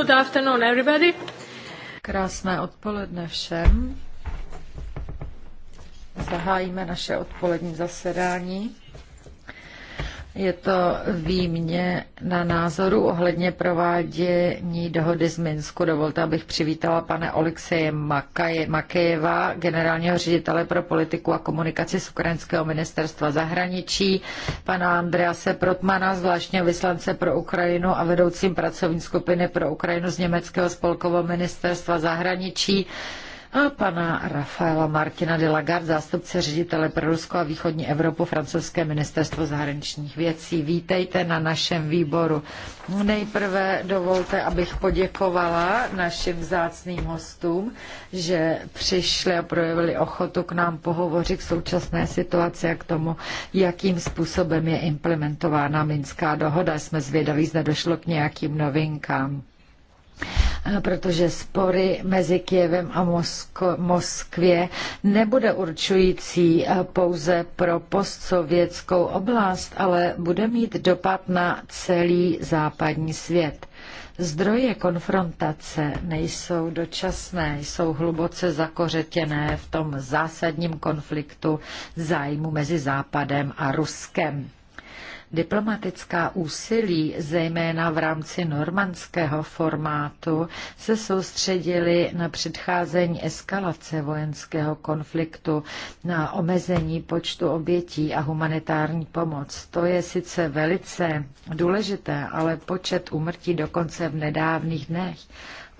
Good afternoon, everybody. Krásné odpoledne všem. Zahájíme naše odpolední zasedání. Je to výmě na názoru ohledně provádění dohody z Minsku. Dovolte, abych přivítala pane Olekseje Makejeva, generálního ředitele pro politiku a komunikaci z Ukrajinského ministerstva zahraničí, pana Andrease Protmana, zvláštního vyslance pro Ukrajinu a vedoucím pracovní skupiny pro Ukrajinu z Německého spolkového ministerstva zahraničí, a pana Rafaela Martina de Lagarde, zástupce ředitele pro Rusko a východní Evropu francouzské ministerstvo zahraničních věcí. Vítejte na našem výboru. Nejprve dovolte, abych poděkovala našim vzácným hostům, že přišli a projevili ochotu k nám pohovořit k současné situaci a k tomu, jakým způsobem je implementována Minská dohoda. Jsme zvědaví, zda došlo k nějakým novinkám. Eh, protože spory mezi Kijevem a Mosko- Moskvě nebude určující eh, pouze pro postsovětskou oblast, ale bude mít dopad na celý západní svět. Zdroje konfrontace nejsou dočasné, jsou hluboce zakořetěné v tom zásadním konfliktu zájmu mezi Západem a Ruskem. Diplomatická úsilí, zejména v rámci normandského formátu, se soustředily na předcházení eskalace vojenského konfliktu, na omezení počtu obětí a humanitární pomoc. To je sice velice důležité, ale počet úmrtí dokonce v nedávných dnech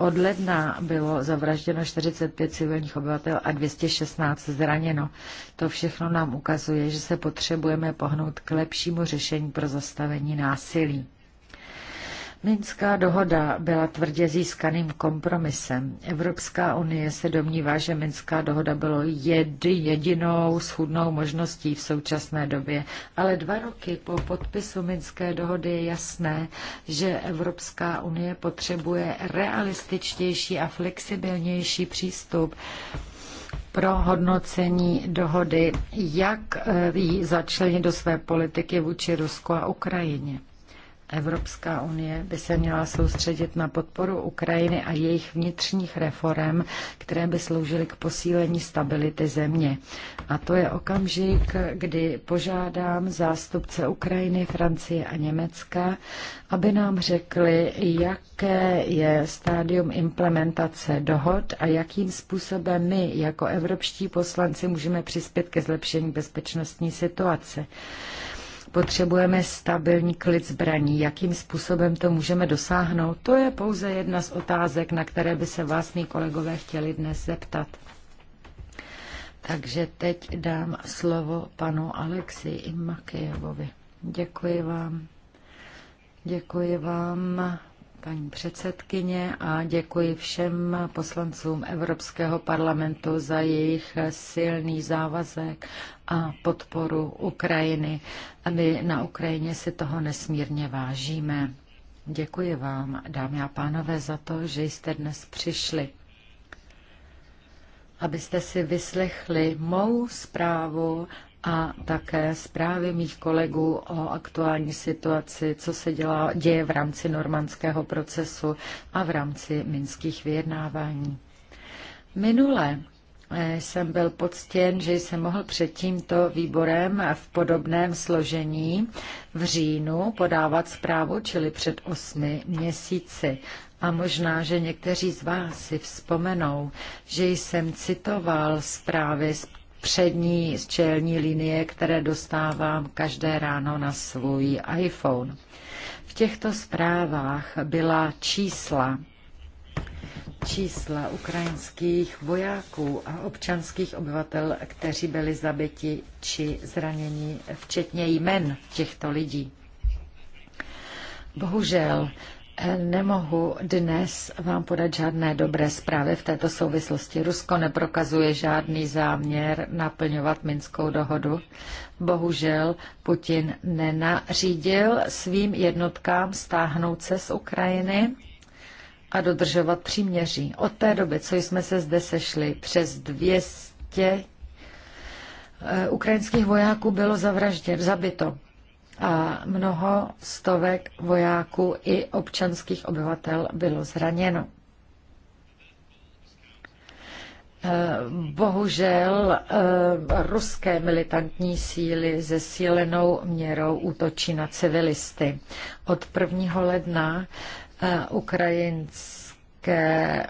od ledna bylo zavražděno 45 civilních obyvatel a 216 zraněno. To všechno nám ukazuje, že se potřebujeme pohnout k lepšímu řešení pro zastavení násilí. Minská dohoda byla tvrdě získaným kompromisem. Evropská unie se domnívá, že Minská dohoda bylo jed, jedinou schudnou možností v současné době. Ale dva roky po podpisu Minské dohody je jasné, že Evropská unie potřebuje realističtější a flexibilnější přístup pro hodnocení dohody, jak eh, ji začlenit do své politiky vůči Rusku a Ukrajině. Evropská unie by se měla soustředit na podporu Ukrajiny a jejich vnitřních reform, které by sloužily k posílení stability země. A to je okamžik, kdy požádám zástupce Ukrajiny, Francie a Německa, aby nám řekli, jaké je stádium implementace dohod a jakým způsobem my jako evropští poslanci můžeme přispět ke zlepšení bezpečnostní situace. Potřebujeme stabilní klid zbraní. Jakým způsobem to můžeme dosáhnout? To je pouze jedna z otázek, na které by se vás, mý kolegové, chtěli dnes zeptat. Takže teď dám slovo panu Alexi Imakejevovi. Děkuji vám. Děkuji vám paní předsedkyně a děkuji všem poslancům Evropského parlamentu za jejich silný závazek a podporu Ukrajiny. A my na Ukrajině si toho nesmírně vážíme. Děkuji vám, dámy a pánové, za to, že jste dnes přišli. Abyste si vyslechli mou zprávu a také zprávy mých kolegů o aktuální situaci, co se dělá, děje v rámci normandského procesu a v rámci minských vyjednávání. Minule eh, jsem byl poctěn, že jsem mohl před tímto výborem v podobném složení v říjnu podávat zprávu, čili před osmi měsíci. A možná, že někteří z vás si vzpomenou, že jsem citoval zprávy z přední z čelní linie, které dostávám každé ráno na svůj iPhone. V těchto zprávách byla čísla, čísla ukrajinských vojáků a občanských obyvatel, kteří byli zabiti či zraněni, včetně jmen těchto lidí. Bohužel Nemohu dnes vám podat žádné dobré zprávy v této souvislosti. Rusko neprokazuje žádný záměr naplňovat Minskou dohodu. Bohužel Putin nenařídil svým jednotkám stáhnout se z Ukrajiny a dodržovat příměří. Od té doby, co jsme se zde sešli, přes 200 eh, ukrajinských vojáků bylo zavražděno, zabito a mnoho stovek vojáků i občanských obyvatel bylo zraněno. E, bohužel e, ruské militantní síly ze sílenou měrou útočí na civilisty. Od 1. ledna e, ukrajinské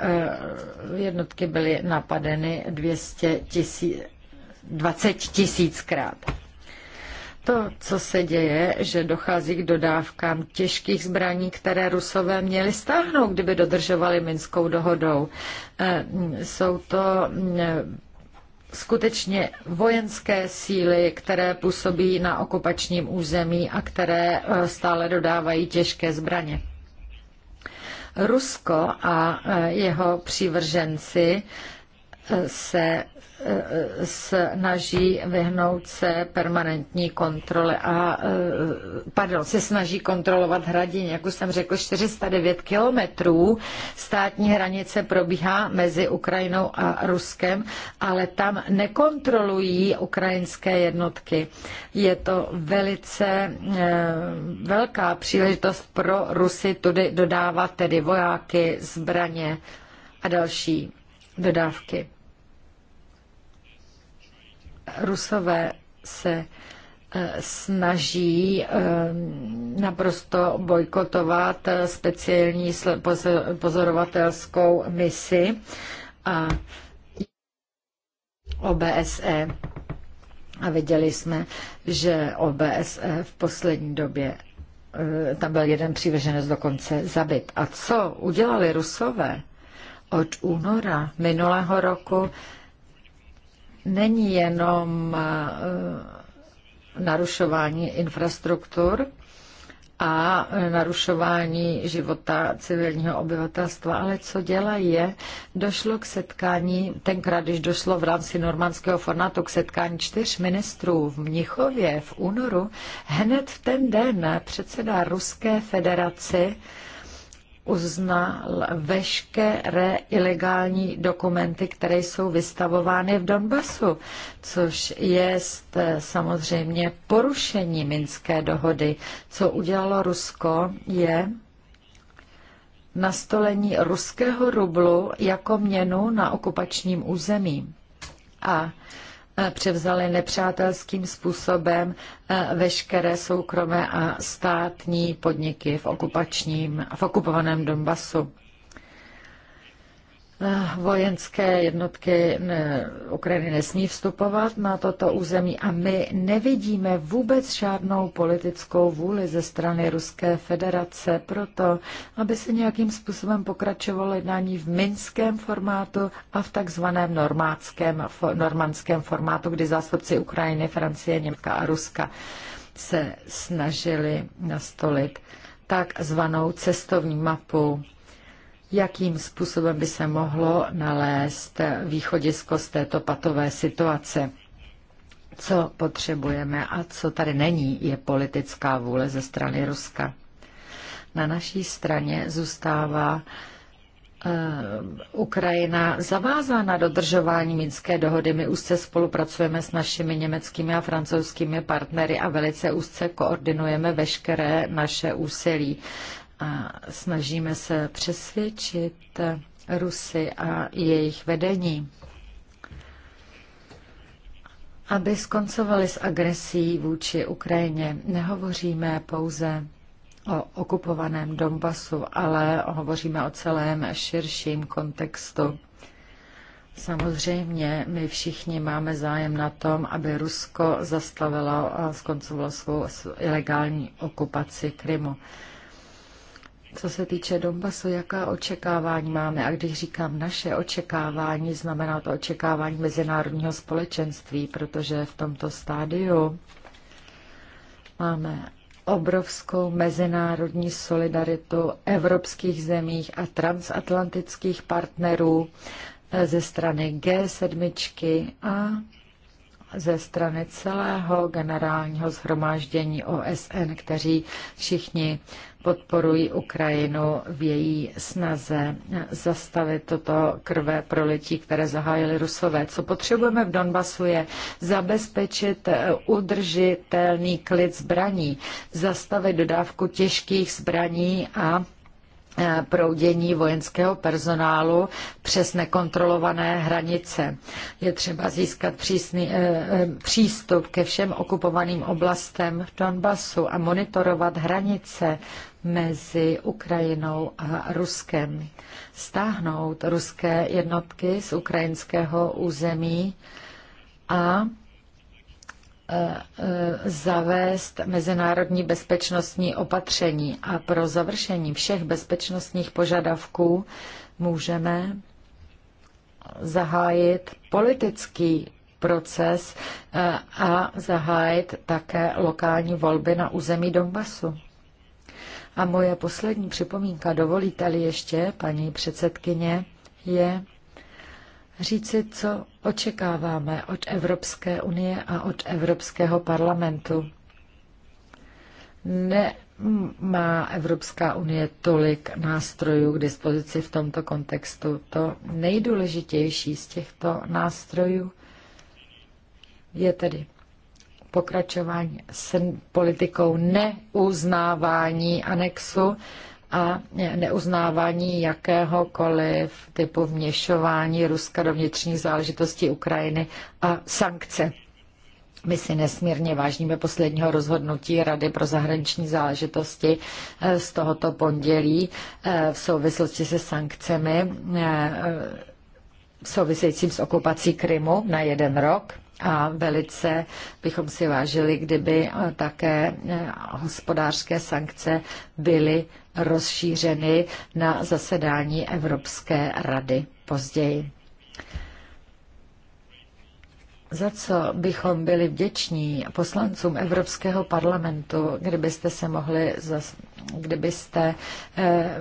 jednotky byly napadeny 200 tisíc, 20 tisíckrát. To, co se děje, že dochází k dodávkám těžkých zbraní, které Rusové měli stáhnout, kdyby dodržovali Minskou dohodou. E, jsou to e, skutečně vojenské síly, které působí na okupačním území a které e, stále dodávají těžké zbraně. Rusko a jeho přívrženci se snaží vyhnout se permanentní kontrole a, eh, pardon, se snaží kontrolovat hradin. Jak už jsem řekl, 409 kilometrů státní hranice probíhá mezi Ukrajinou a Ruskem, ale tam nekontrolují ukrajinské jednotky. Je to velice eh, velká příležitost pro Rusy tudy dodávat tedy vojáky, zbraně a další dodávky. Rusové se eh, snaží eh, naprosto bojkotovat eh, speciální pozorovatelskou misi a OBSE. A viděli jsme, že OBSE v poslední době tam byl jeden přívrženec dokonce zabit. A co udělali Rusové od února minulého roku? není jenom eh, narušování infrastruktur a narušování života civilního obyvatelstva, ale co dělá je, došlo k setkání, tenkrát, když došlo v rámci normandského formátu k setkání čtyř ministrů v Mnichově v únoru, hned v ten den předseda Ruské federaci uznal veškeré ilegální dokumenty, které jsou vystavovány v Donbasu, což je eh, samozřejmě porušení Minské dohody. Co udělalo Rusko je nastolení ruského rublu jako měnu na okupačním území. A Eh, převzaly nepřátelským způsobem eh, veškeré soukromé a státní podniky v, okupačním, v okupovaném Donbasu. Eh, vojenské jednotky Ukrajiny nesmí vstupovat na toto území a my nevidíme vůbec žádnou politickou vůli ze strany Ruské federace proto, aby se nějakým způsobem pokračovalo jednání v minském formátu a v takzvaném normáckém normandském formátu, kdy zástupci Ukrajiny, Francie, Němka a Ruska se snažili nastolit takzvanou cestovní mapu jakým způsobem by se mohlo nalézt východisko z této patové situace. Co potřebujeme a co tady není, je politická vůle ze strany Ruska. Na naší straně zůstává eh, Ukrajina zavázána dodržování Minské dohody. My úzce spolupracujeme s našimi německými a francouzskými partnery a velice úzce koordinujeme veškeré naše úsilí a snažíme se přesvědčit Rusy a jejich vedení, aby skoncovali s agresí vůči Ukrajině. Nehovoříme pouze o okupovaném Donbasu, ale hovoříme o celém širším kontextu. Samozřejmě my všichni máme zájem na tom, aby Rusko zastavilo a skoncovalo svou ilegální okupaci Krymu. Co se týče Donbasu, jaká očekávání máme? A když říkám naše očekávání, znamená to očekávání mezinárodního společenství, protože v tomto stádiu máme obrovskou mezinárodní solidaritu evropských zemích a transatlantických partnerů ze strany G7 a ze strany celého generálního zhromáždění OSN, kteří všichni podporují Ukrajinu v její snaze zastavit toto krvé prolití, které zahájili Rusové. Co potřebujeme v Donbasu je zabezpečit eh, udržitelný klid zbraní, zastavit dodávku těžkých zbraní a Eh, proudění vojenského personálu přes nekontrolované hranice. Je třeba získat přísný, eh, eh, přístup ke všem okupovaným oblastem v Donbasu a monitorovat hranice mezi Ukrajinou a Ruskem. Stáhnout ruské jednotky z ukrajinského území a Eh, zavést mezinárodní bezpečnostní opatření a pro završení všech bezpečnostních požadavků můžeme zahájit politický proces eh, a zahájit také lokální volby na území Donbasu. A moje poslední připomínka, dovolíte-li ještě, paní předsedkyně, je říci, co očekáváme od Evropské unie a od Evropského parlamentu. Ne, má Evropská unie tolik nástrojů k dispozici v tomto kontextu. To nejdůležitější z těchto nástrojů je tedy pokračování s politikou neuznávání anexu a neuznávání jakéhokoliv typu vměšování Ruska do vnitřních záležitostí Ukrajiny a sankce. My si nesmírně vážíme posledního rozhodnutí Rady pro zahraniční záležitosti eh, z tohoto pondělí eh, v souvislosti se sankcemi eh, souvisejícím s okupací Krymu na jeden rok. A velice bychom si vážili, kdyby eh, také eh, hospodářské sankce byly rozšířeny na zasedání Evropské rady později. Za co bychom byli vděční poslancům Evropského parlamentu, kdybyste se mohli, kdybyste eh,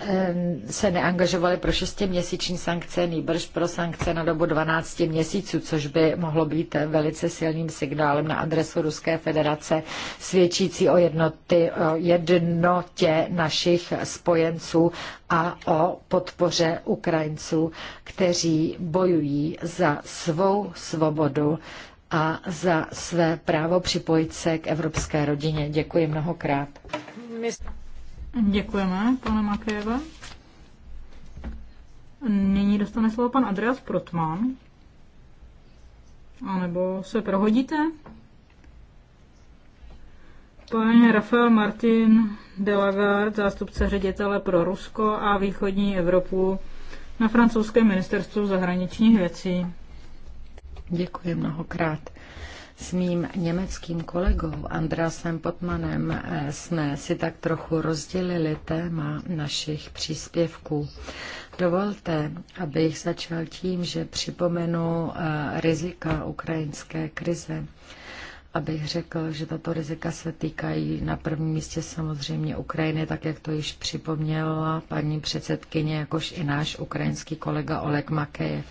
Ehm, se neangažovali pro šestiměsíční sankce, nýbrž pro sankce na dobu 12 měsíců, což by mohlo být velice silným signálem na adresu Ruské federace, svědčící o, jednoty, o jednotě našich spojenců a o podpoře Ukrajinců, kteří bojují za svou svobodu a za své právo připojit se k evropské rodině. Děkuji mnohokrát. Děkujeme, pane Makéva. Nyní dostane slovo pan Andreas Protman. A nebo se prohodíte? Pan Rafael Martin Delagard, zástupce ředitele pro Rusko a východní Evropu na francouzském ministerstvu zahraničních věcí. Děkuji mnohokrát. S mým německým kolegou Andrásem Potmanem eh, jsme si tak trochu rozdělili téma našich příspěvků. Dovolte, abych začal tím, že připomenu eh, rizika ukrajinské krize abych řekl, že tato rizika se týkají na prvním místě samozřejmě Ukrajiny, tak jak to již připomněla paní předsedkyně, jakož i náš ukrajinský kolega Oleg Makejev.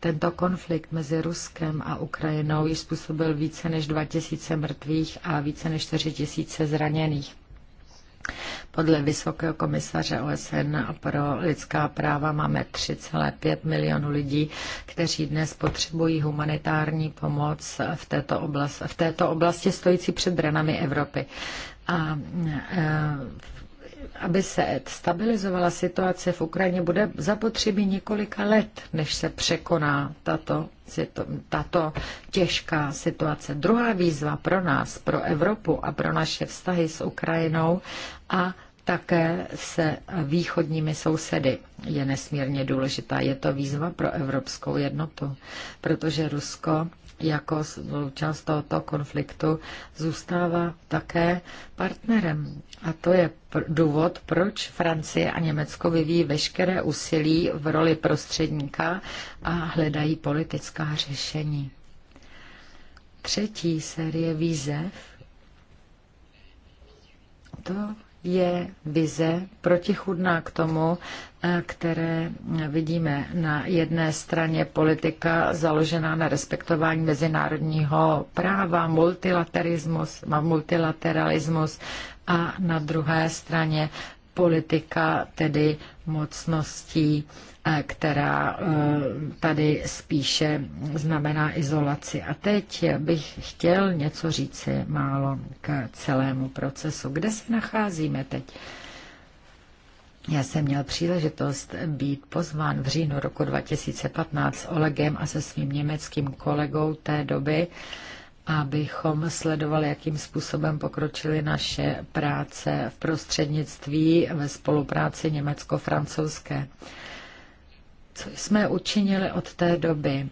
Tento konflikt mezi Ruskem a Ukrajinou již způsobil více než 2000 mrtvých a více než 4000 zraněných. Podle Vysokého komisaře OSN pro lidská práva máme 3,5 milionů lidí, kteří dnes potřebují humanitární pomoc v této, oblast, v této oblasti stojící před branami Evropy. A e, aby se stabilizovala situace v Ukrajině, bude zapotřebí několika let, než se překoná tato, tato těžká situace. Druhá výzva pro nás, pro Evropu a pro naše vztahy s Ukrajinou a také se východními sousedy je nesmírně důležitá. Je to výzva pro evropskou jednotu, protože Rusko jako součást tohoto konfliktu zůstává také partnerem. A to je důvod, proč Francie a Německo vyvíjí veškeré úsilí v roli prostředníka a hledají politická řešení. Třetí série výzev to je vize protichudná k tomu, eh, které vidíme na jedné straně politika založená na respektování mezinárodního práva, multilateralismus, multilateralismus a na druhé straně politika tedy mocností, eh, která eh, tady spíše znamená izolaci. A teď bych chtěl něco říci málo k celému procesu. Kde se nacházíme teď? Já jsem měl příležitost být pozván v říjnu roku 2015 s Olegem a se svým německým kolegou té doby abychom sledovali, jakým způsobem pokročily naše práce v prostřednictví ve spolupráci německo-francouzské. Co jsme učinili od té doby?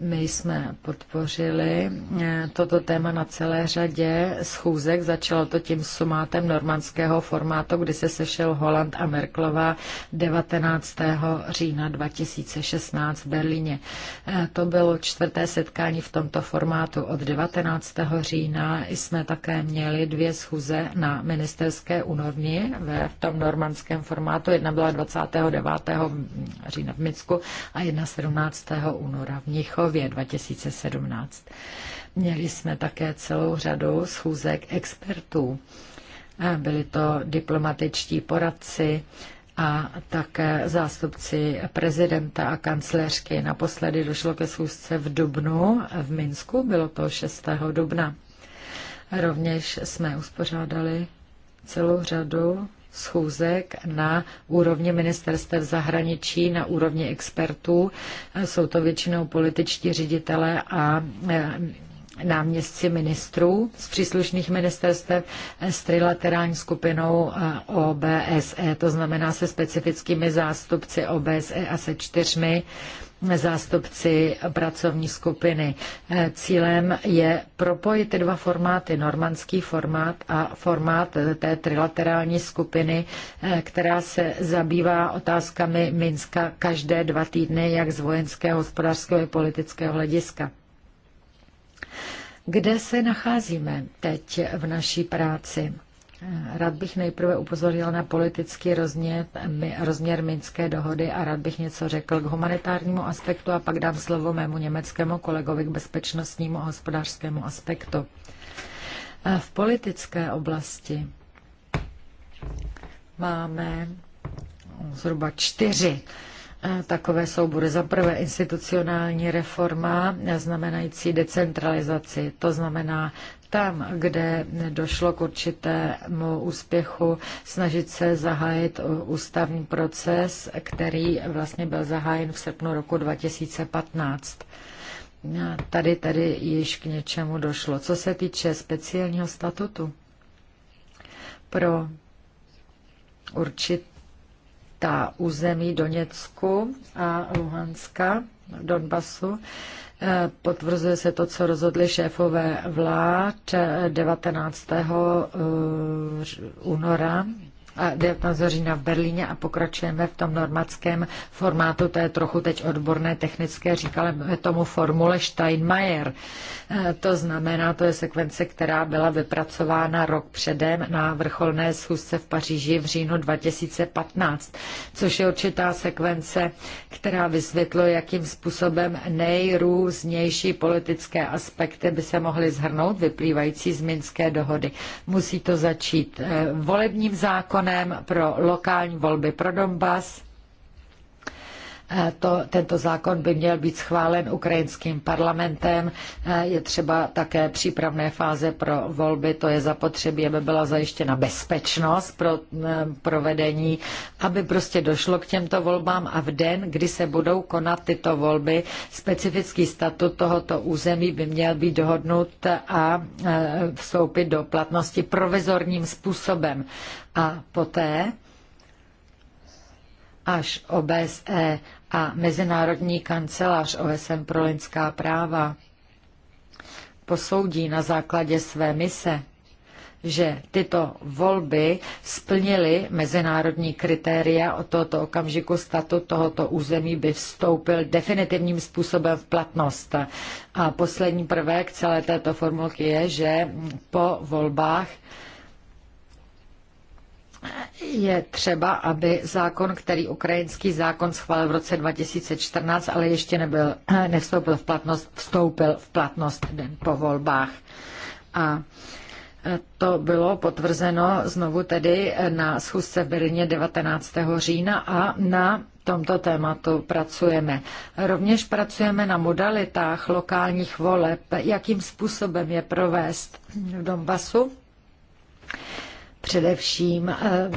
My jsme podpořili eh, toto téma na celé řadě schůzek. Začalo to tím sumátem normandského formátu, kdy se sešel Holland a Merklova 19. října 2016 v Berlíně. Eh, to bylo čtvrté setkání v tomto formátu. Od 19. října jsme také měli dvě schůze na ministerské úrovni v tom normandském formátu. Jedna byla 29. října v Micku a jedna 17. února v Mnichov Krakově 2017. Měli jsme také celou řadu schůzek expertů. Byli to diplomatičtí poradci, a také zástupci prezidenta a kancléřky. Naposledy došlo ke schůzce v Dubnu v Minsku, bylo to 6. dubna. Rovněž jsme uspořádali celou řadu schůzek na úrovni ministerstev zahraničí, na úrovni expertů. Jsou to většinou političtí ředitele a náměstci ministrů z příslušných ministerstev eh, s trilaterální skupinou eh, OBSE, to znamená se specifickými zástupci OBSE a se čtyřmi zástupci pracovní skupiny. Eh, cílem je propojit ty dva formáty, normandský formát a formát té trilaterální skupiny, která se zabývá otázkami Minska každé dva týdny, jak z vojenského, hospodářského i politického hlediska. Kde se nacházíme teď v naší práci? Rád bych nejprve upozornil na politický rozměr, rozměr Minské dohody a rád bych něco řekl k humanitárnímu aspektu a pak dám slovo mému německému kolegovi k bezpečnostnímu a hospodářskému aspektu. V politické oblasti máme zhruba čtyři Takové soubory. Za prvé institucionální reforma, znamenající decentralizaci. To znamená tam, kde došlo k určitému úspěchu, snažit se zahájit ústavní proces, který vlastně byl zahájen v srpnu roku 2015. Tady tady již k něčemu došlo. Co se týče speciálního statutu pro určit ta území Doněcku a Luhanska, Donbasu. Eh, potvrzuje se to, co rozhodli šéfové vlád 19. Eh, eh, února 19. října v Berlíně a pokračujeme v tom normackém formátu, to je trochu teď odborné technické, Říkáme tomu formule Steinmeier. E, to znamená, to je sekvence, která byla vypracována rok předem na vrcholné schůzce v Paříži v říjnu 2015, což je určitá sekvence, která vysvětluje, jakým způsobem nejrůznější politické aspekty by se mohly zhrnout vyplývající z Minské dohody. Musí to začít e, volebním zákonem, výkonem pro lokální volby pro Donbass Eh, to, tento zákon by měl být schválen ukrajinským parlamentem. Eh, je třeba také přípravné fáze pro volby, to je zapotřebí, aby byla zajištěna bezpečnost pro eh, provedení, aby prostě došlo k těmto volbám a v den, kdy se budou konat tyto volby, specifický statut tohoto území by měl být dohodnut a vstoupit do platnosti provizorním způsobem. A poté až OBSE a Mezinárodní kancelář OSN pro lidská práva posoudí na základě své mise, že tyto volby splnily mezinárodní kritéria od tohoto okamžiku statu tohoto území by vstoupil definitivním způsobem v platnost. A poslední prvek celé této formulky je, že po volbách je třeba, aby zákon, který ukrajinský zákon schválil v roce 2014, ale ještě nebyl, nevstoupil v platnost, vstoupil v platnost den po volbách. A e, to bylo potvrzeno znovu tedy na schůzce v Berlíně 19. října a na tomto tématu pracujeme. Rovněž pracujeme na modalitách lokálních voleb, jakým způsobem je provést v Donbasu. Především eh,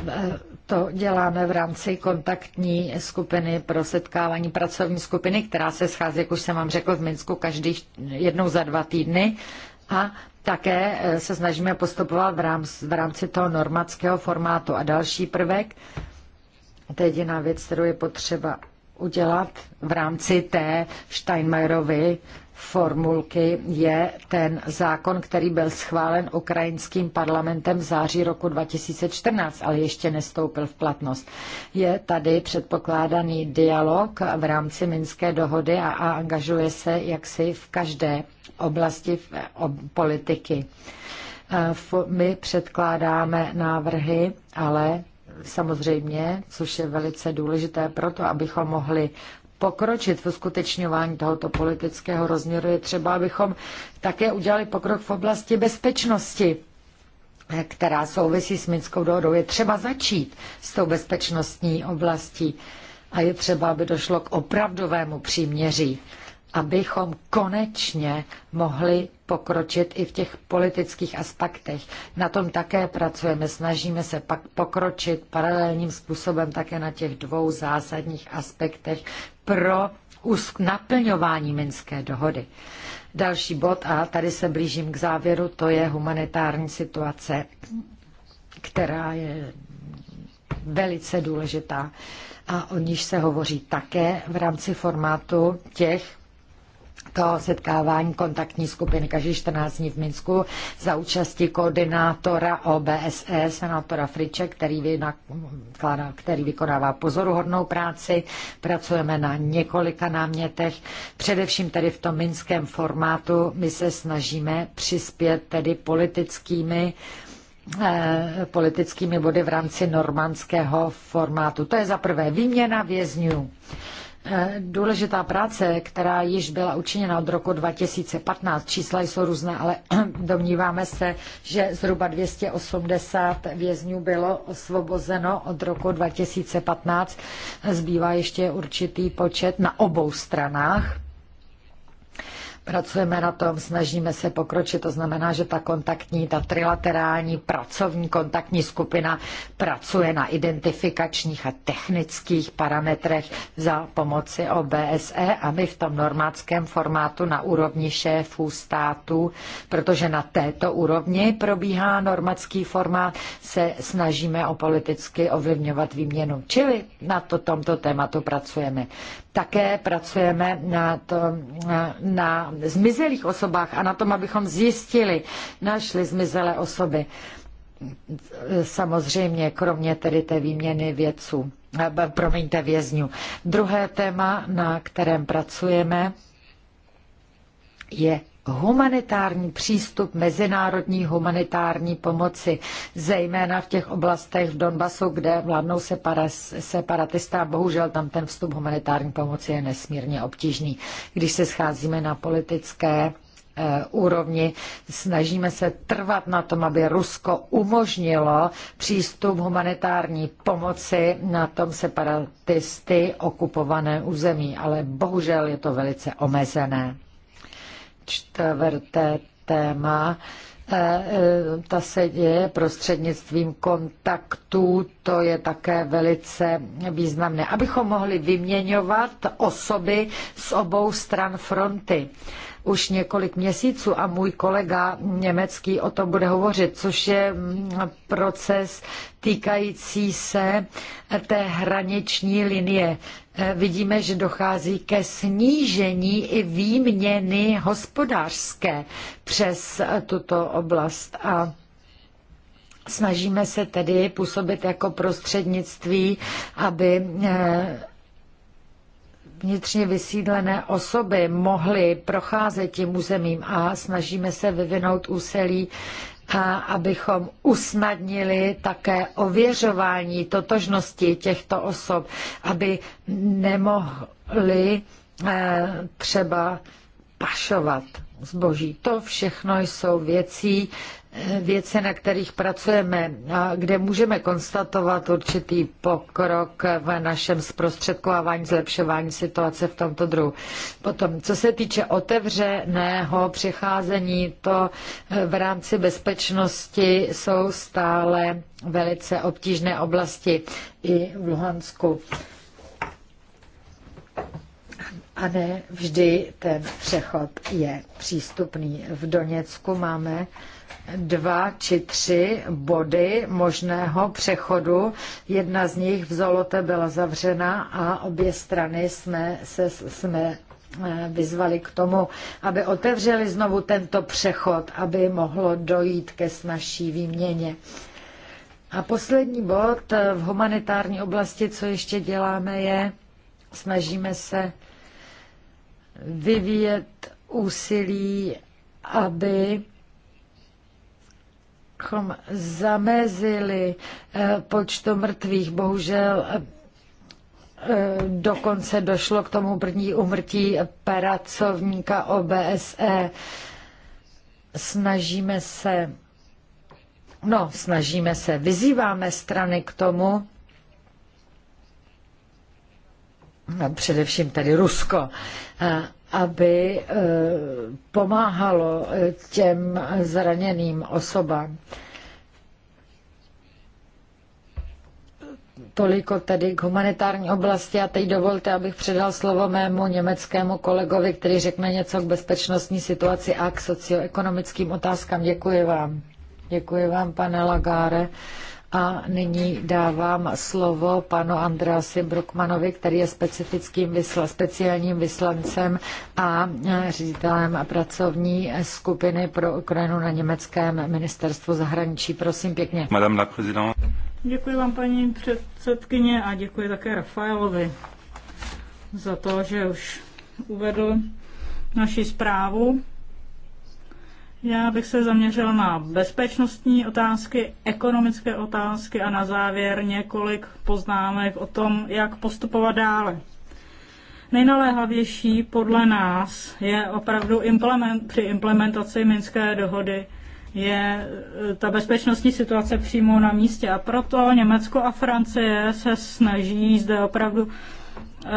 eh, to děláme v rámci kontaktní skupiny pro setkávání pracovní skupiny, která se schází, jak už jsem vám řekl, v Minsku každý jednou za dva týdny. A také eh, se snažíme postupovat v rámci, v rámci toho normackého formátu. A další prvek, to je jediná věc, kterou je potřeba udělat v rámci té Steinmeierovy formulky je ten zákon, který byl schválen ukrajinským parlamentem v září roku 2014, ale ještě nestoupil v platnost. Je tady předpokládaný dialog v rámci Minské dohody a, a angažuje se jaksi v každé oblasti v, ob, politiky. E, my předkládáme návrhy, ale samozřejmě, což je velice důležité proto, abychom mohli pokročit v uskutečňování tohoto politického rozměru. Je třeba, abychom také udělali pokrok v oblasti bezpečnosti která souvisí s Minskou dohodou. Je třeba začít s tou bezpečnostní oblastí a je třeba, aby došlo k opravdovému příměří, abychom konečně mohli pokročit i v těch politických aspektech. Na tom také pracujeme, snažíme se pak pokročit paralelním způsobem také na těch dvou zásadních aspektech pro naplňování Minské dohody. Další bod, a tady se blížím k závěru, to je humanitární situace, která je velice důležitá a o níž se hovoří také v rámci formátu těch to setkávání kontaktní skupiny každý 14 dní v Minsku za účasti koordinátora OBSE, senátora Friče, který, vynakládá, který vykonává pozoruhodnou práci. Pracujeme na několika námětech, především tedy v tom minském formátu. My se snažíme přispět tedy politickými eh, politickými body v rámci normandského formátu. To je za prvé výměna vězňů. Eh, důležitá práce, která již byla učiněna od roku 2015, čísla jsou různá, ale domníváme se, že zhruba 280 vězňů bylo osvobozeno od roku 2015. Zbývá ještě určitý počet na obou stranách Pracujeme na tom, snažíme se pokročit, to znamená, že ta kontaktní, ta trilaterální pracovní kontaktní skupina pracuje na identifikačních a technických parametrech za pomoci OBSE a my v tom normátském formátu na úrovni šéfů států, protože na této úrovni probíhá normatský formát, se snažíme o politicky ovlivňovat výměnu. Čili na to, tomto tématu pracujeme. Také pracujeme na, to, na, na zmizelých osobách a na tom, abychom zjistili, našli zmizelé osoby. Samozřejmě, kromě tedy té výměny vědců, eh, promiňte vězňů. Druhé téma, na kterém pracujeme, je humanitární přístup mezinárodní humanitární pomoci, zejména v těch oblastech v Donbasu, kde vládnou separatisté a bohužel tam ten vstup humanitární pomoci je nesmírně obtížný. Když se scházíme na politické eh, úrovni. Snažíme se trvat na tom, aby Rusko umožnilo přístup humanitární pomoci na tom separatisty okupované území, ale bohužel je to velice omezené čtvrté téma. E, e, ta se děje prostřednictvím kontaktů, to je také velice významné, abychom mohli vyměňovat osoby z obou stran fronty už několik měsíců a můj kolega německý o tom bude hovořit, což je mm, proces týkající se eh, té hraniční linie. Eh, vidíme, že dochází ke snížení i výměny hospodářské přes eh, tuto oblast. A snažíme se tedy působit jako prostřednictví, aby vnitřně vysídlené osoby mohly procházet tím územím a snažíme se vyvinout úsilí, a abychom usnadnili také ověřování totožnosti těchto osob, aby nemohli e, třeba pašovat zboží. To všechno jsou věcí, věci, na kterých pracujeme, kde můžeme konstatovat určitý pokrok v našem zprostředkování, zlepšování situace v tomto druhu. Potom, co se týče otevřeného přicházení, to eh, v rámci bezpečnosti jsou stále velice obtížné oblasti i v Luhansku. A ne vždy ten přechod je přístupný. V Doněcku máme uh, dva či tři body možného přechodu. Jedna z nich v Zolote byla zavřena a obě strany jsme, se, jsme eh, vyzvali k tomu, aby otevřeli znovu tento přechod, aby mohlo dojít ke snažší výměně. A poslední bod eh, v humanitární oblasti, co ještě děláme, je, snažíme se vyvíjet úsilí, aby abychom zamezili eh, počtu mrtvých. Bohužel eh, dokonce došlo k tomu první umrtí pracovníka OBSE. Snažíme se, no snažíme se, vyzýváme strany k tomu, především tedy Rusko, eh, aby eh, pomáhalo eh, těm zraněným osobám. Toliko tedy k humanitární oblasti a teď dovolte, abych předal slovo mému německému kolegovi, který řekne něco k bezpečnostní situaci a k socioekonomickým otázkám. Děkuji vám. Děkuji vám, pane Lagáre, a nyní dávám slovo panu Andrasi Brukmanovi, který je specifickým vysl- speciálním vyslancem a e, ředitelem pracovní skupiny pro Ukrajinu na německém ministerstvu zahraničí. Prosím pěkně. Madame la présidente. Děkuji vám, paní předsedkyně, a děkuji také Rafaelovi za to, že už uvedl naši zprávu já bych se zaměřil na bezpečnostní otázky, ekonomické otázky a na závěr několik poznámek o tom, jak postupovat dále. Nejnaléhavější podle nás je opravdu implement, při implementaci Minské dohody je e, ta bezpečnostní situace přímo na místě a proto Německo a Francie se snaží zde opravdu e,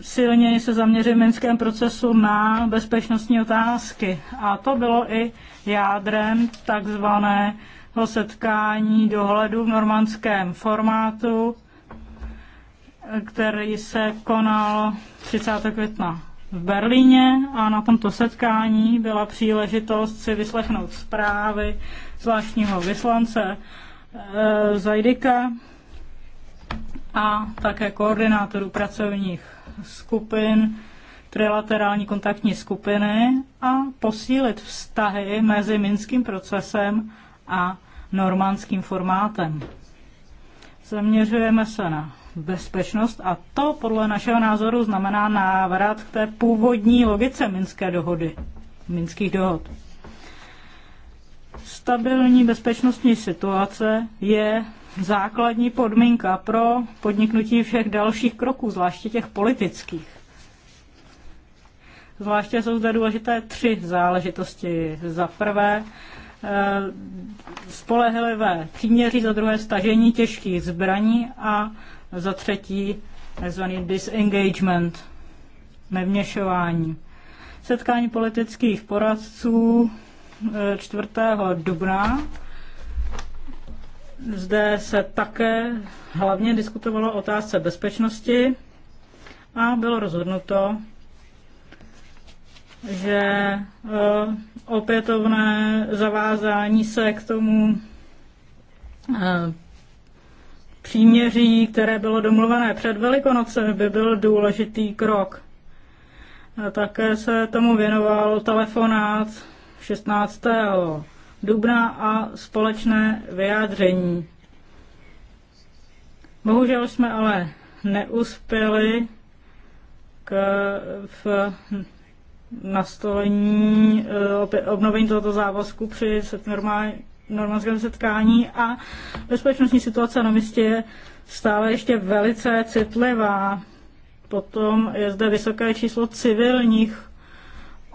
silněji se zaměřit v minském procesu na bezpečnostní otázky. A to bylo i jádrem takzvaného setkání dohledu v normandském formátu, který se konal 30. května v Berlíně a na tomto setkání byla příležitost si vyslechnout zprávy zvláštního vyslance e, Zajdika a také koordinátorů pracovních skupin trilaterální kontaktní skupiny a posílit vztahy mezi minským procesem a normandským formátem. Zaměřujeme se na bezpečnost a to podle našeho názoru znamená návrat k té původní logice Minské dohody, Minských dohod. Stabilní bezpečnostní situace je základní podmínka pro podniknutí všech dalších kroků, zvláště těch politických. Zvláště jsou zde důležité tři záležitosti. Za prvé, eh, spolehlivé příměří, za druhé stažení těžkých zbraní a za třetí tzv. disengagement, nevměšování. Setkání politických poradců 4. Eh, dubna. Zde se také hlavně diskutovalo o otázce bezpečnosti a bylo rozhodnuto, že eh, opětovné zavázání se k tomu eh, příměří, které bylo domluvené před Velikonocemi, by byl důležitý krok. Také se tomu věnoval telefonát 16. dubna a společné vyjádření. Bohužel jsme ale neuspěli k, v nastolení, e, obnovení tohoto závazku při normálním setkání a bezpečnostní situace na místě je stále ještě velice citlivá. Potom je zde vysoké číslo civilních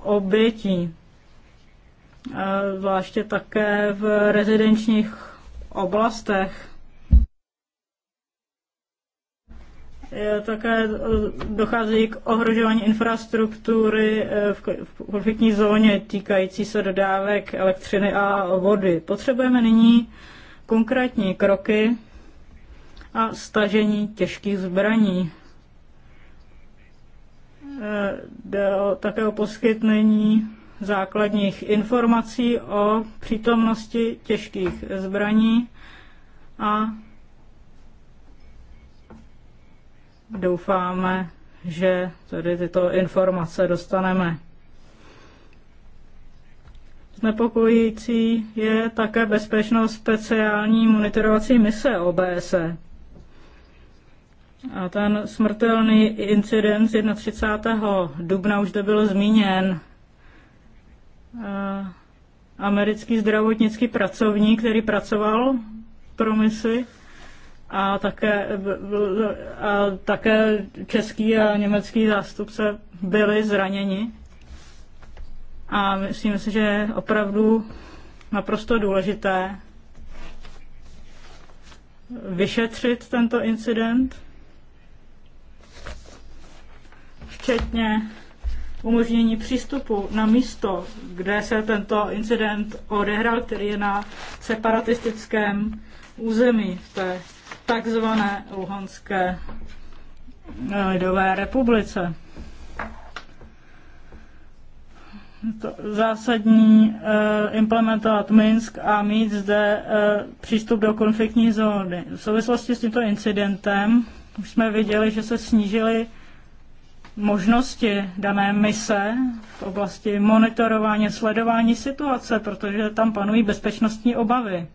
obětí, e, zvláště také v rezidenčních oblastech. Eh, také eh, dochází k ohrožování infrastruktury eh, v konfliktní zóně týkající se dodávek elektřiny a vody. Potřebujeme nyní konkrétní kroky a stažení těžkých zbraní. Jde o, také o poskytnení základních informací o přítomnosti těžkých zbraní a doufáme, že tedy tyto informace dostaneme. Znepokojící je také bezpečnost speciální monitorovací mise OBSE. A ten smrtelný incident z 31. dubna už to byl zmíněn. Americký zdravotnický pracovník, který pracoval pro misi, a také, a také český a německý zástupce byli zraněni. A myslím si, že je opravdu naprosto důležité vyšetřit tento incident, včetně umožnění přístupu na místo, kde se tento incident odehrál, který je na separatistickém území v té takzvané Luhanské eh, lidové republice. To zásadní eh, implementovat Minsk a mít zde eh, přístup do konfliktní zóny. V souvislosti s tímto incidentem už jsme viděli, že se snížily možnosti dané mise v oblasti monitorování, sledování situace, protože tam panují bezpečnostní obavy.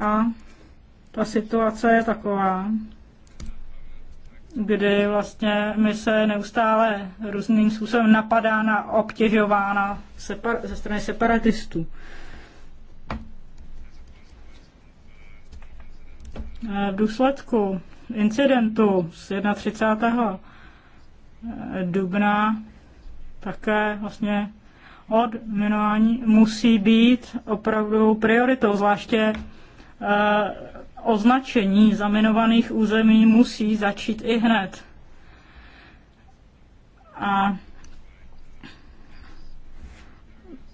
A ta situace je taková, kdy vlastně my se neustále různým způsobem napadána, obtěžována separ- ze strany separatistů. V důsledku incidentu z 31. dubna také vlastně odminování musí být opravdu prioritou, zvláště Eh, označení zaminovaných území musí začít i hned. A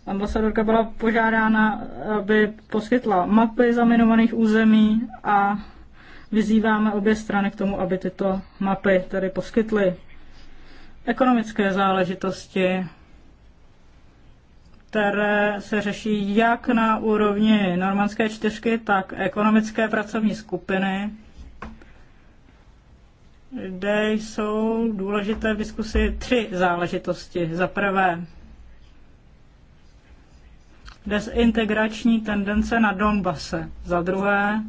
ambasadorka byla požádána, aby poskytla mapy zaminovaných území a vyzýváme obě strany k tomu, aby tyto mapy tedy poskytly. Ekonomické záležitosti, které se řeší jak na úrovni normandské čtyřky, tak ekonomické pracovní skupiny, kde jsou důležité v diskusi tři záležitosti. Za prvé, dezintegrační tendence na Donbase. Za druhé,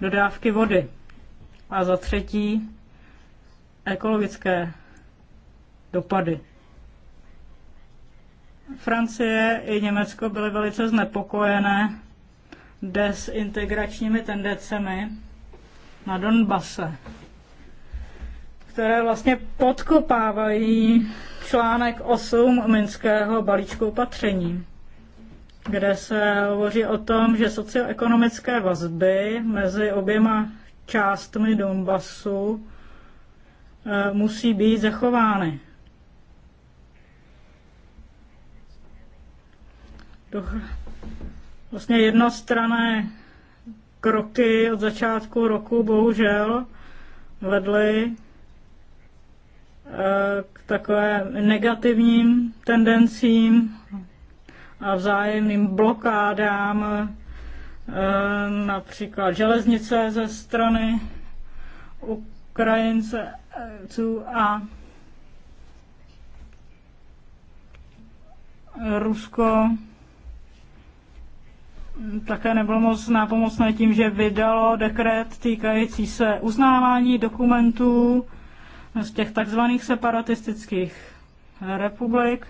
dodávky vody. A za třetí, ekologické dopady. Francie i Německo byly velice znepokojené desintegračními tendencemi na Donbase, které vlastně podkopávají článek 8 minského balíčku opatření, kde se hovoří o tom, že socioekonomické vazby mezi oběma částmi Donbasu eh, musí být zachovány. do vlastně jednostrané kroky od začátku roku bohužel vedly eh, k takové negativním tendencím a vzájemným blokádám eh, například železnice ze strany Ukrajince a Rusko také nebylo moc nápomocné tím, že vydalo dekret týkající se uznávání dokumentů z těch takzvaných separatistických republik.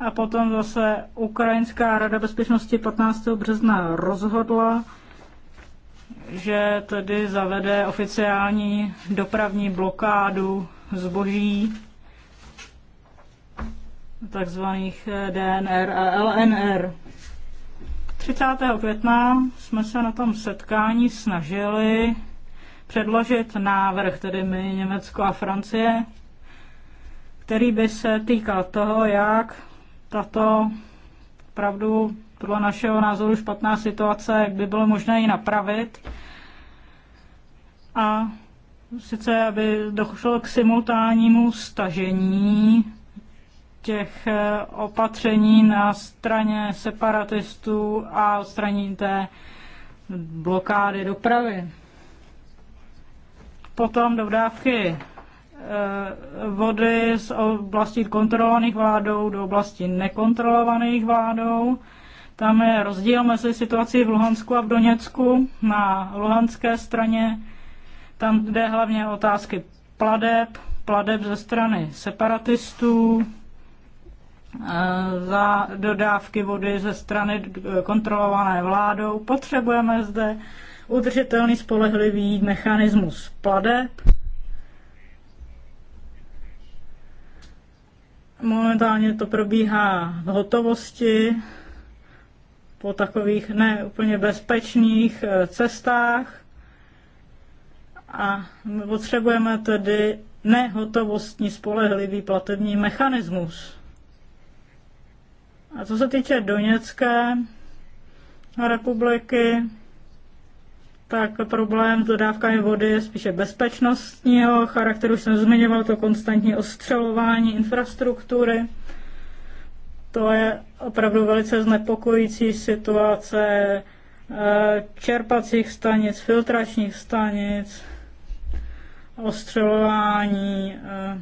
A potom zase Ukrajinská rada bezpečnosti 15. března rozhodla, že tedy zavede oficiální dopravní blokádu zboží takzvaných DNR a LNR. 30. května jsme se na tom setkání snažili předložit návrh, tedy my Německo a Francie, který by se týkal toho, jak tato pravdu podle našeho názoru špatná situace, jak by bylo možné ji napravit. A sice, aby došlo k simultánnímu stažení těch eh, opatření na straně separatistů a odstranění té blokády dopravy. Potom dodávky eh, vody z oblastí kontrolovaných vládou do oblasti nekontrolovaných vládou. Tam je rozdíl mezi situací v Luhansku a v Doněcku. Na luhanské straně tam jde hlavně otázky pladeb, pladeb ze strany separatistů, Eh, za dodávky vody ze strany kontrolované vládou. Potřebujeme zde udržitelný spolehlivý mechanismus pladeb. Momentálně to probíhá v hotovosti po takových neúplně bezpečných eh, cestách a potřebujeme tedy nehotovostní spolehlivý platební mechanismus. A co se týče Doněcké republiky, tak problém s dodávkami vody je spíše bezpečnostního charakteru. Už jsem zmiňoval to konstantní ostřelování infrastruktury. To je opravdu velice znepokojící situace eh, čerpacích stanic, filtračních stanic, ostřelování, eh,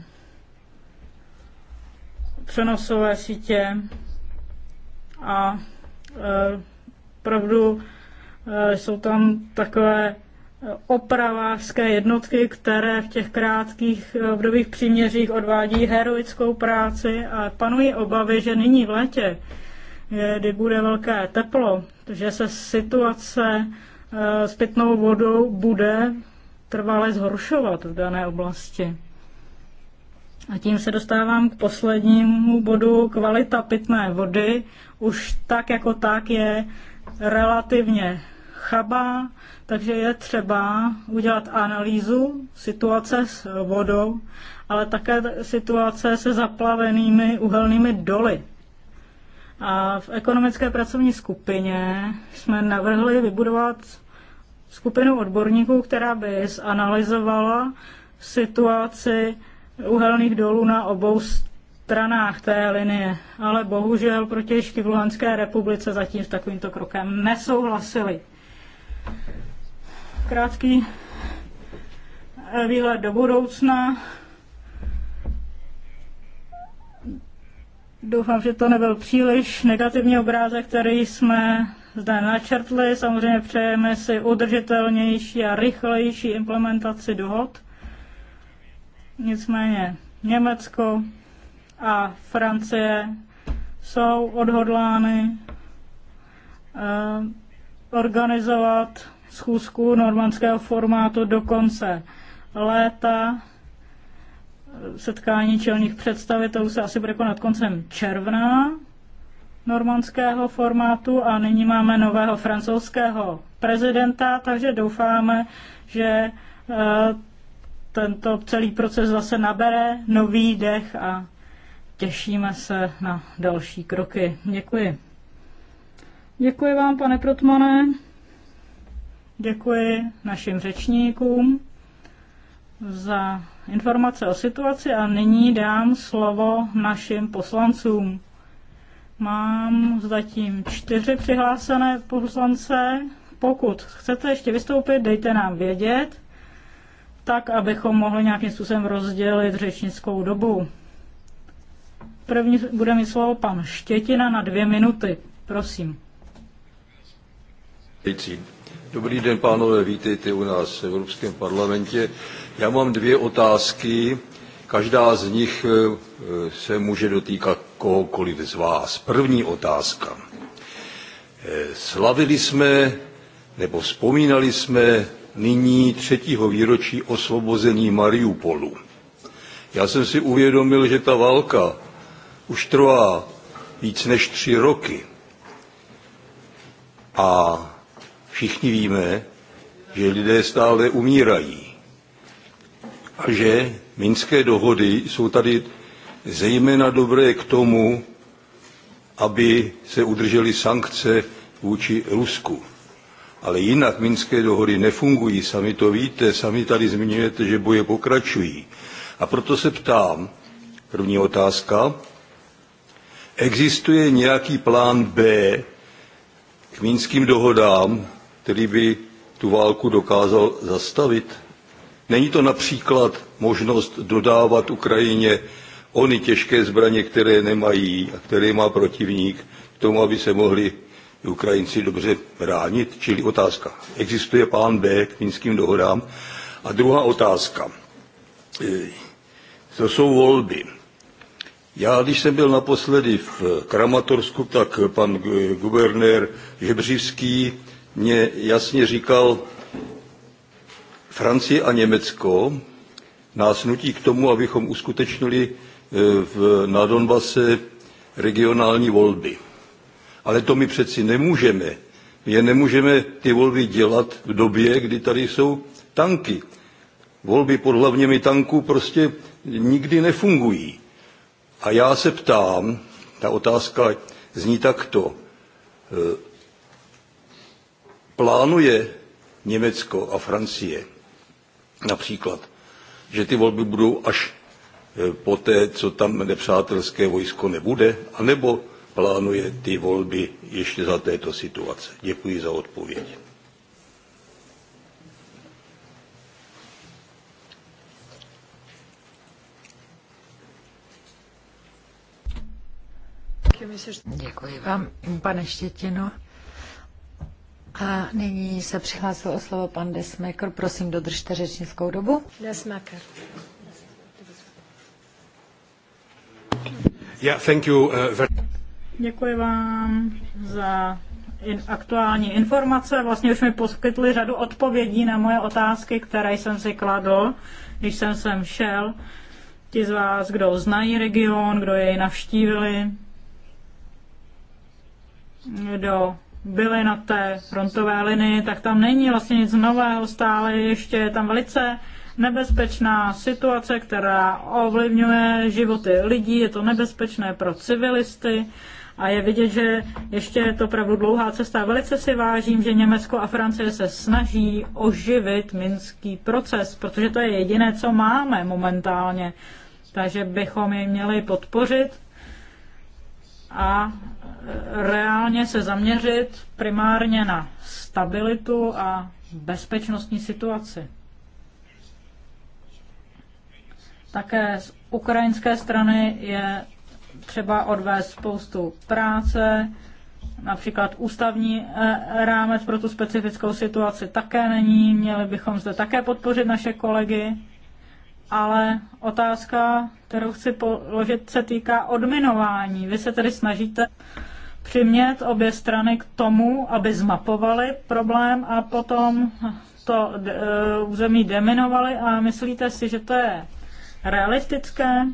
přenosové sítě a e, opravdu e, jsou tam takové e, opravářské jednotky, které v těch krátkých obdobích příměřích odvádí heroickou práci a panují obavy, že nyní v létě, kdy bude velké teplo, že se situace s pitnou vodou bude trvale zhoršovat v dané oblasti. A tím se dostávám k poslednímu bodu. Kvalita pitné vody už tak jako tak je relativně chabá, takže je třeba udělat analýzu situace s vodou, ale také situace se zaplavenými uhelnými doly. A v ekonomické pracovní skupině jsme navrhli vybudovat skupinu odborníků, která by zanalizovala situaci uhelných dolů na obou stranách té linie, ale bohužel protěžky v Luhanské republice zatím s takovýmto krokem nesouhlasili. Krátký eh, výhled do budoucna. Doufám, že to nebyl příliš negativní obrázek, který jsme zde načrtli. Samozřejmě přejeme si udržitelnější a rychlejší implementaci dohod Nicméně Německo a Francie jsou odhodlány eh, organizovat schůzku normandského formátu do konce léta. Setkání čelních představitelů se asi bude konat koncem června normandského formátu a nyní máme nového francouzského prezidenta, takže doufáme, že eh, tento celý proces zase nabere nový dech a těšíme se na další kroky. Děkuji. Děkuji vám, pane Protmane. Děkuji našim řečníkům za informace o situaci a nyní dám slovo našim poslancům. Mám zatím čtyři přihlásené poslance. Pokud chcete ještě vystoupit, dejte nám vědět tak abychom mohli nějakým způsobem rozdělit řečnickou dobu. První bude mít slovo pan Štětina na dvě minuty. Prosím. Dobrý den, pánové, vítejte u nás v Evropském parlamentě. Já mám dvě otázky. Každá z nich eh, se může dotýkat kohokoliv z vás. První otázka. Eh, slavili jsme nebo vzpomínali jsme nyní třetího výročí osvobození Mariupolu. Já jsem si uvědomil, že ta válka už trvá víc než tři roky. A všichni víme, že lidé stále umírají. A že minské dohody jsou tady zejména dobré k tomu, aby se udržely sankce vůči Rusku. Ale jinak minské dohody nefungují, sami to víte, sami tady zmiňujete, že boje pokračují. A proto se ptám, první otázka, existuje nějaký plán B k mínským dohodám, který by tu válku dokázal zastavit? Není to například možnost dodávat Ukrajině ony těžké zbraně, které nemají a které má protivník, k tomu, aby se mohli Ukrajinci dobře bránit? Čili otázka, existuje plán B k minským dohodám? A druhá otázka, e, to jsou volby. Já, když jsem byl naposledy v Kramatorsku, tak pan guvernér Žebřivský mě jasně říkal, Francie a Německo nás nutí k tomu, abychom uskutečnili e, v, na Donbase regionální volby. Ale to my přeci nemůžeme. My je nemůžeme ty volby dělat v době, kdy tady jsou tanky. Volby pod hlavněmi tanků prostě nikdy nefungují. A já se ptám, ta otázka zní takto. E, plánuje Německo a Francie například, že ty volby budou až e, poté, co tam nepřátelské vojsko nebude, anebo plánuje ty volby ještě za této situace? Děkuji za odpověď. Děkuji vám, pane Štětino. A nyní se přihlásil o slovo pan Desmaker. Prosím, dodržte řečnickou dobu. Desmaker. Yeah, thank you, uh, very... Děkuji vám za in, aktuální informace. Vlastně už mi poskytli řadu odpovědí na moje otázky, které jsem si kladl, když jsem sem šel. Ti z vás, kdo znají region, kdo jej navštívili, kdo byli na té frontové linii, tak tam není vlastně nic nového, stále ještě je tam velice nebezpečná situace, která ovlivňuje životy lidí, je to nebezpečné pro civilisty a je vidět, že ještě je to opravdu dlouhá cesta. Velice si vážím, že Německo a Francie se snaží oživit minský proces, protože to je jediné, co máme momentálně. Takže bychom jej měli podpořit a e, reálně se zaměřit primárně na stabilitu a bezpečnostní situaci. Také z ukrajinské strany je třeba odvést spoustu práce, například ústavní eh, rámec pro tu specifickou situaci také není, měli bychom zde také podpořit naše kolegy, ale otázka, kterou chci položit, se týká odminování. Vy se tedy snažíte přimět obě strany k tomu, aby zmapovali problém a potom to eh, území deminovali a myslíte si, že to je realistické?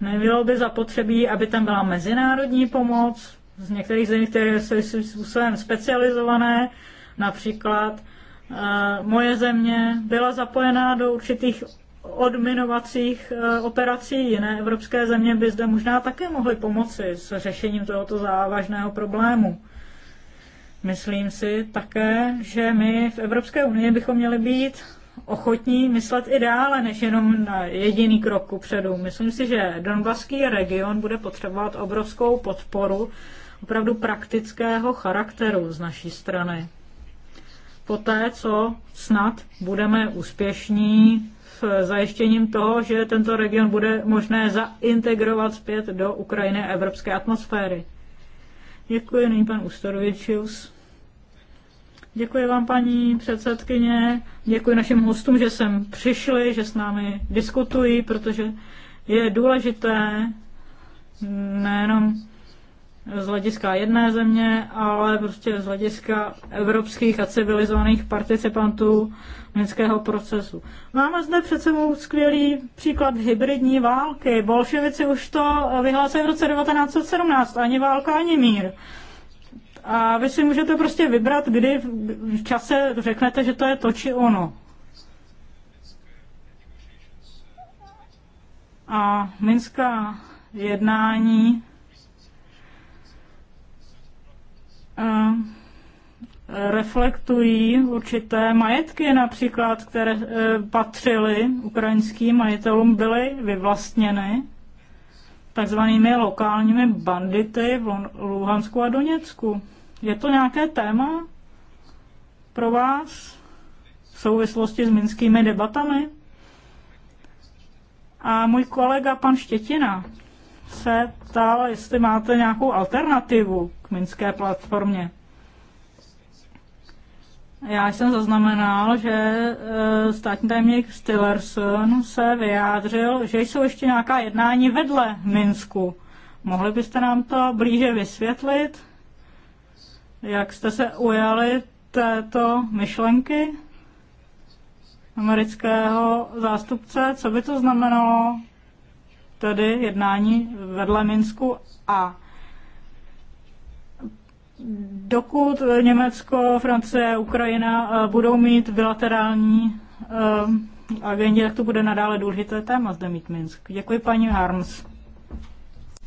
Nebylo by zapotřebí, aby tam byla mezinárodní pomoc z některých zemí, které jsou způsobem specializované, například eh, moje země byla zapojená do určitých odminovacích eh, operací. Jiné evropské země by zde možná také mohly pomoci s řešením tohoto závažného problému. Myslím si také, že my v Evropské unii bychom měli být ochotní myslet i dále, než jenom na jediný krok kupředu. Myslím si, že Donbaský region bude potřebovat obrovskou podporu opravdu praktického charakteru z naší strany. Poté, co snad budeme úspěšní s zajištěním toho, že tento region bude možné zaintegrovat zpět do Ukrajiny a evropské atmosféry. Děkuji, nyní pan Ustorovičius. Děkuji vám, paní předsedkyně, děkuji našim hostům, že sem přišli, že s námi diskutují, protože je důležité nejenom z hlediska jedné země, ale prostě z hlediska evropských a civilizovaných participantů minského procesu. Máme zde před sebou skvělý příklad hybridní války. Bolševici už to vyhlásili v roce 1917, ani válka, ani mír a vy si můžete prostě vybrat, kdy v čase řeknete, že to je to či ono. A minská jednání eh, reflektují určité majetky, například, které eh, patřily ukrajinským majitelům, byly vyvlastněny takzvanými lokálními bandity v Luhansku a Doněcku. Je to nějaké téma pro vás v souvislosti s minskými debatami? A můj kolega pan Štětina se ptal, jestli máte nějakou alternativu k minské platformě. Já jsem zaznamenal, že e, státní tajemník Stillerson se vyjádřil, že jsou ještě nějaká jednání vedle Minsku. Mohli byste nám to blíže vysvětlit? Jak jste se ujali této myšlenky amerického zástupce? Co by to znamenalo? Tedy jednání vedle Minsku a Dokud Německo, Francie, Ukrajina eh, budou mít bilaterální eh, agendě, tak to bude nadále důležité téma zde mít Minsk. Děkuji paní Harms.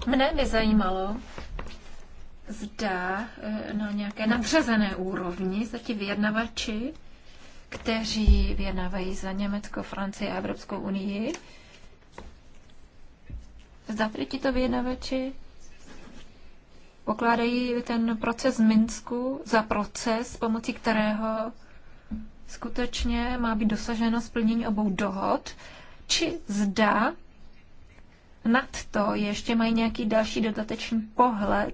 Mne by zajímalo, zda eh, na nějaké nadřazené úrovni za ti vyjednavači, kteří vyjednávají za Německo, Francii a Evropskou unii, zda tedy tito vyjednavači pokládají ten proces Minsku za proces, pomocí kterého skutečně má být dosaženo splnění obou dohod, či zda nad to ještě mají nějaký další dodatečný pohled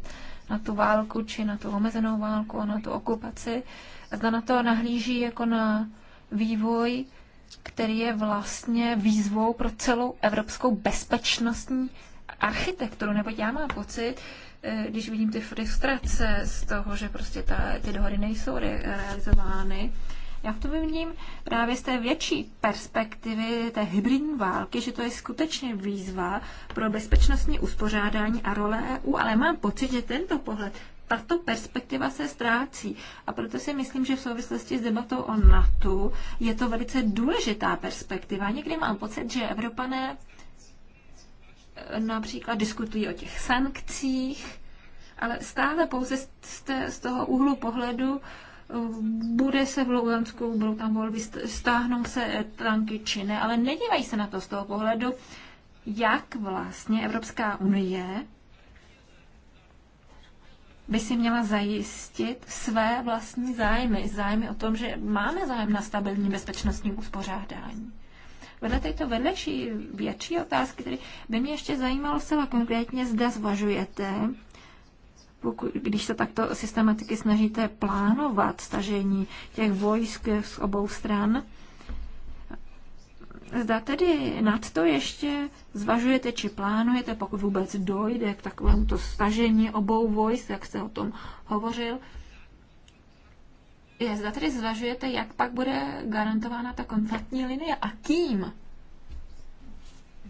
na tu válku, či na tu omezenou válku, na tu okupaci, a zda na to nahlíží jako na vývoj, který je vlastně výzvou pro celou evropskou bezpečnostní architekturu, nebo já mám pocit, Eh, když vidím ty frustrace z toho, že prostě ta, ty dohody nejsou re, realizovány, já v tom vidím právě z té větší perspektivy té hybridní války, že to je skutečně výzva pro bezpečnostní uspořádání a role EU, ale mám pocit, že tento pohled, tato perspektiva se ztrácí. A proto si myslím, že v souvislosti s debatou o NATO je to velice důležitá perspektiva. Někdy mám pocit, že Evropané například diskutují o těch sankcích, ale stále pouze z, té, z toho úhlu pohledu eh, bude se v Lugansku, budou tam volby, stáhnou se tanky či ne, ale nedívají se na to z toho pohledu, jak vlastně Evropská unie by si měla zajistit své vlastní zájmy. Zájmy o tom, že máme zájem na stabilní bezpečnostní uspořádání. Vedle této vedlejší větší otázky, které by mě ještě zajímalo zcela konkrétně, zda zvažujete, pokud, když se takto systematicky snažíte plánovat stažení těch vojsk z obou stran, Zda tedy nad to ještě zvažujete či plánujete, pokud vůbec dojde k takovému to stažení obou vojsk, jak jste o tom hovořil, je, zda tedy zvažujete, jak pak bude garantována ta kontaktní linie a kým?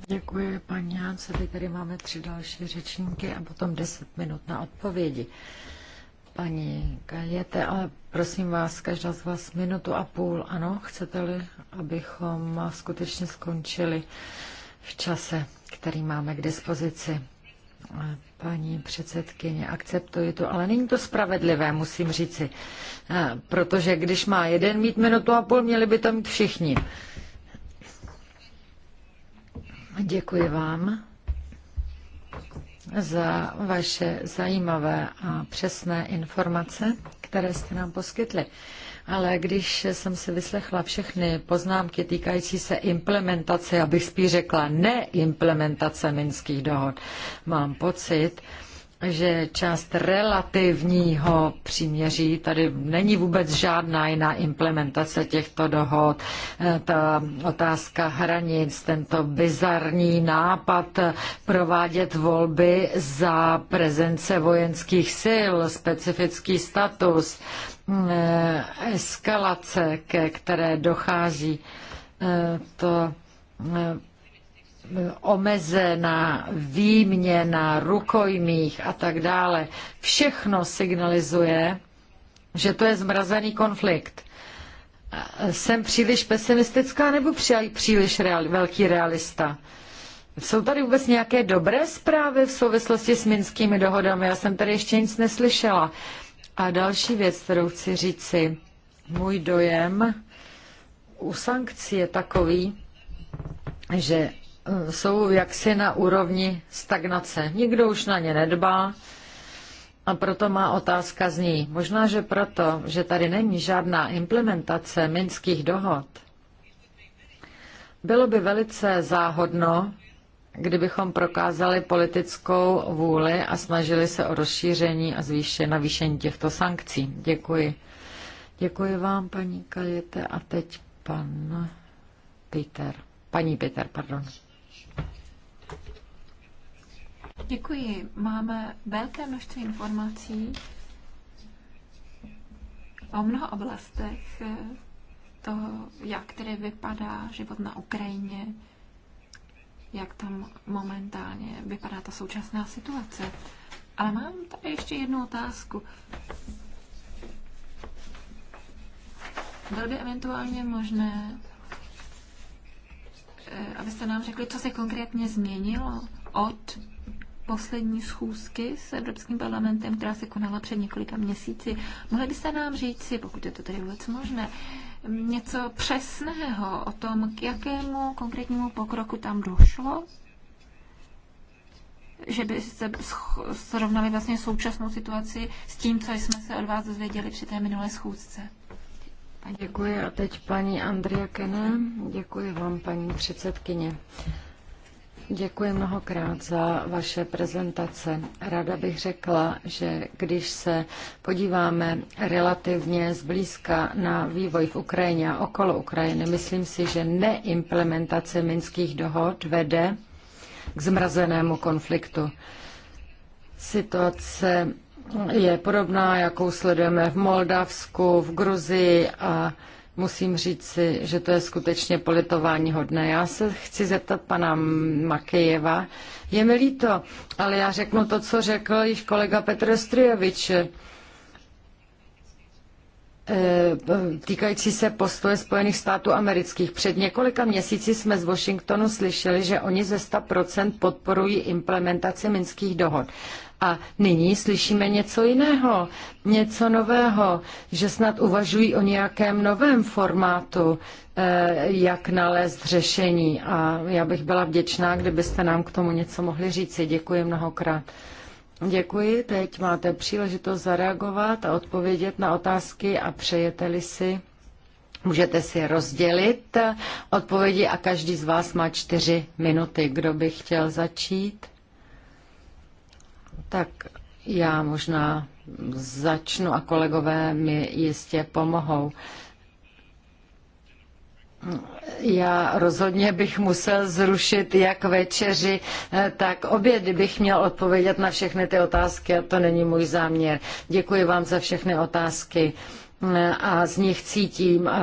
Děkuji, paní Jánce. Teď tady máme tři další řečníky a potom deset minut na odpovědi. Paní Kajete, ale prosím vás, každá z vás minutu a půl, ano, chcete-li, abychom skutečně skončili v čase, který máme k dispozici. Paní předsedkyně, akceptuji to, ale není to spravedlivé, musím říci. Eh, protože když má jeden mít minutu a půl, měli by to mít všichni. Děkuji vám za vaše zajímavé a přesné informace, které jste nám poskytli ale když jsem si vyslechla všechny poznámky týkající se implementace, abych spíš řekla neimplementace minských dohod, mám pocit, že část relativního příměří, tady není vůbec žádná jiná implementace těchto dohod, e, ta otázka hranic, tento bizarní nápad provádět volby za prezence vojenských sil, specifický status, e, eskalace, ke které dochází, e, to omezena, výměna rukojmích a tak dále. Všechno signalizuje, že to je zmrazený konflikt. Jsem příliš pesimistická nebo příliš reali- velký realista? Jsou tady vůbec nějaké dobré zprávy v souvislosti s minskými dohodami? Já jsem tady ještě nic neslyšela. A další věc, kterou chci říci, můj dojem u sankcí je takový, že Eh, jsou jaksi na úrovni stagnace. Nikdo už na ně nedbá a proto má otázka zní. Možná, že proto, že tady není žádná implementace minských dohod, bylo by velice záhodno, kdybychom prokázali politickou vůli a snažili se o rozšíření a zvýšení navýšení těchto sankcí. Děkuji. Děkuji vám, paní Kaljete. A teď pan Peter. Paní Peter, pardon. Děkuji. Máme velké množství informací o mnoha oblastech eh, toho, jak tedy vypadá život na Ukrajině, jak tam momentálně vypadá ta současná situace. Ale mám tady ještě jednu otázku. Bylo by eventuálně možné, eh, abyste nám řekli, co se konkrétně změnilo od poslední schůzky s Evropským parlamentem, která se konala před několika měsíci. Mohli byste nám říci, pokud je to tedy vůbec možné, něco přesného o tom, k jakému konkrétnímu pokroku tam došlo? Že by se srovnali vlastně současnou situaci s tím, co jsme se od vás dozvěděli při té minulé schůzce. Děkuji a teď paní Andrea Kene. Děkuji vám, paní předsedkyně. Děkuji mnohokrát za vaše prezentace. Ráda bych řekla, že když se podíváme relativně zblízka na vývoj v Ukrajině a okolo Ukrajiny, myslím si, že neimplementace minských dohod vede k zmrazenému konfliktu. Situace je podobná, jakou sledujeme v Moldavsku, v Gruzii a Musím říct si, že to je skutečně politování hodné. Já se chci zeptat pana Makejeva. Je mi líto, ale já řeknu to, co řekl již kolega Petr Strijovič eh, týkající se postoje Spojených států amerických. Před několika měsíci jsme z Washingtonu slyšeli, že oni ze 100% podporují implementaci minských dohod. A nyní slyšíme něco jiného, něco nového, že snad uvažují o nějakém novém formátu, eh, jak nalézt řešení. A já bych byla vděčná, kdybyste nám k tomu něco mohli říci. Děkuji mnohokrát. Děkuji, teď máte příležitost zareagovat a odpovědět na otázky a přejete-li si. Můžete si rozdělit odpovědi a každý z vás má čtyři minuty. Kdo by chtěl začít? Tak já možná začnu a kolegové mi jistě pomohou. Já rozhodně bych musel zrušit jak večeři, eh, tak oběd bych měl odpovědět na všechny ty otázky a to není můj záměr. Děkuji vám za všechny otázky eh, a z nich cítím eh,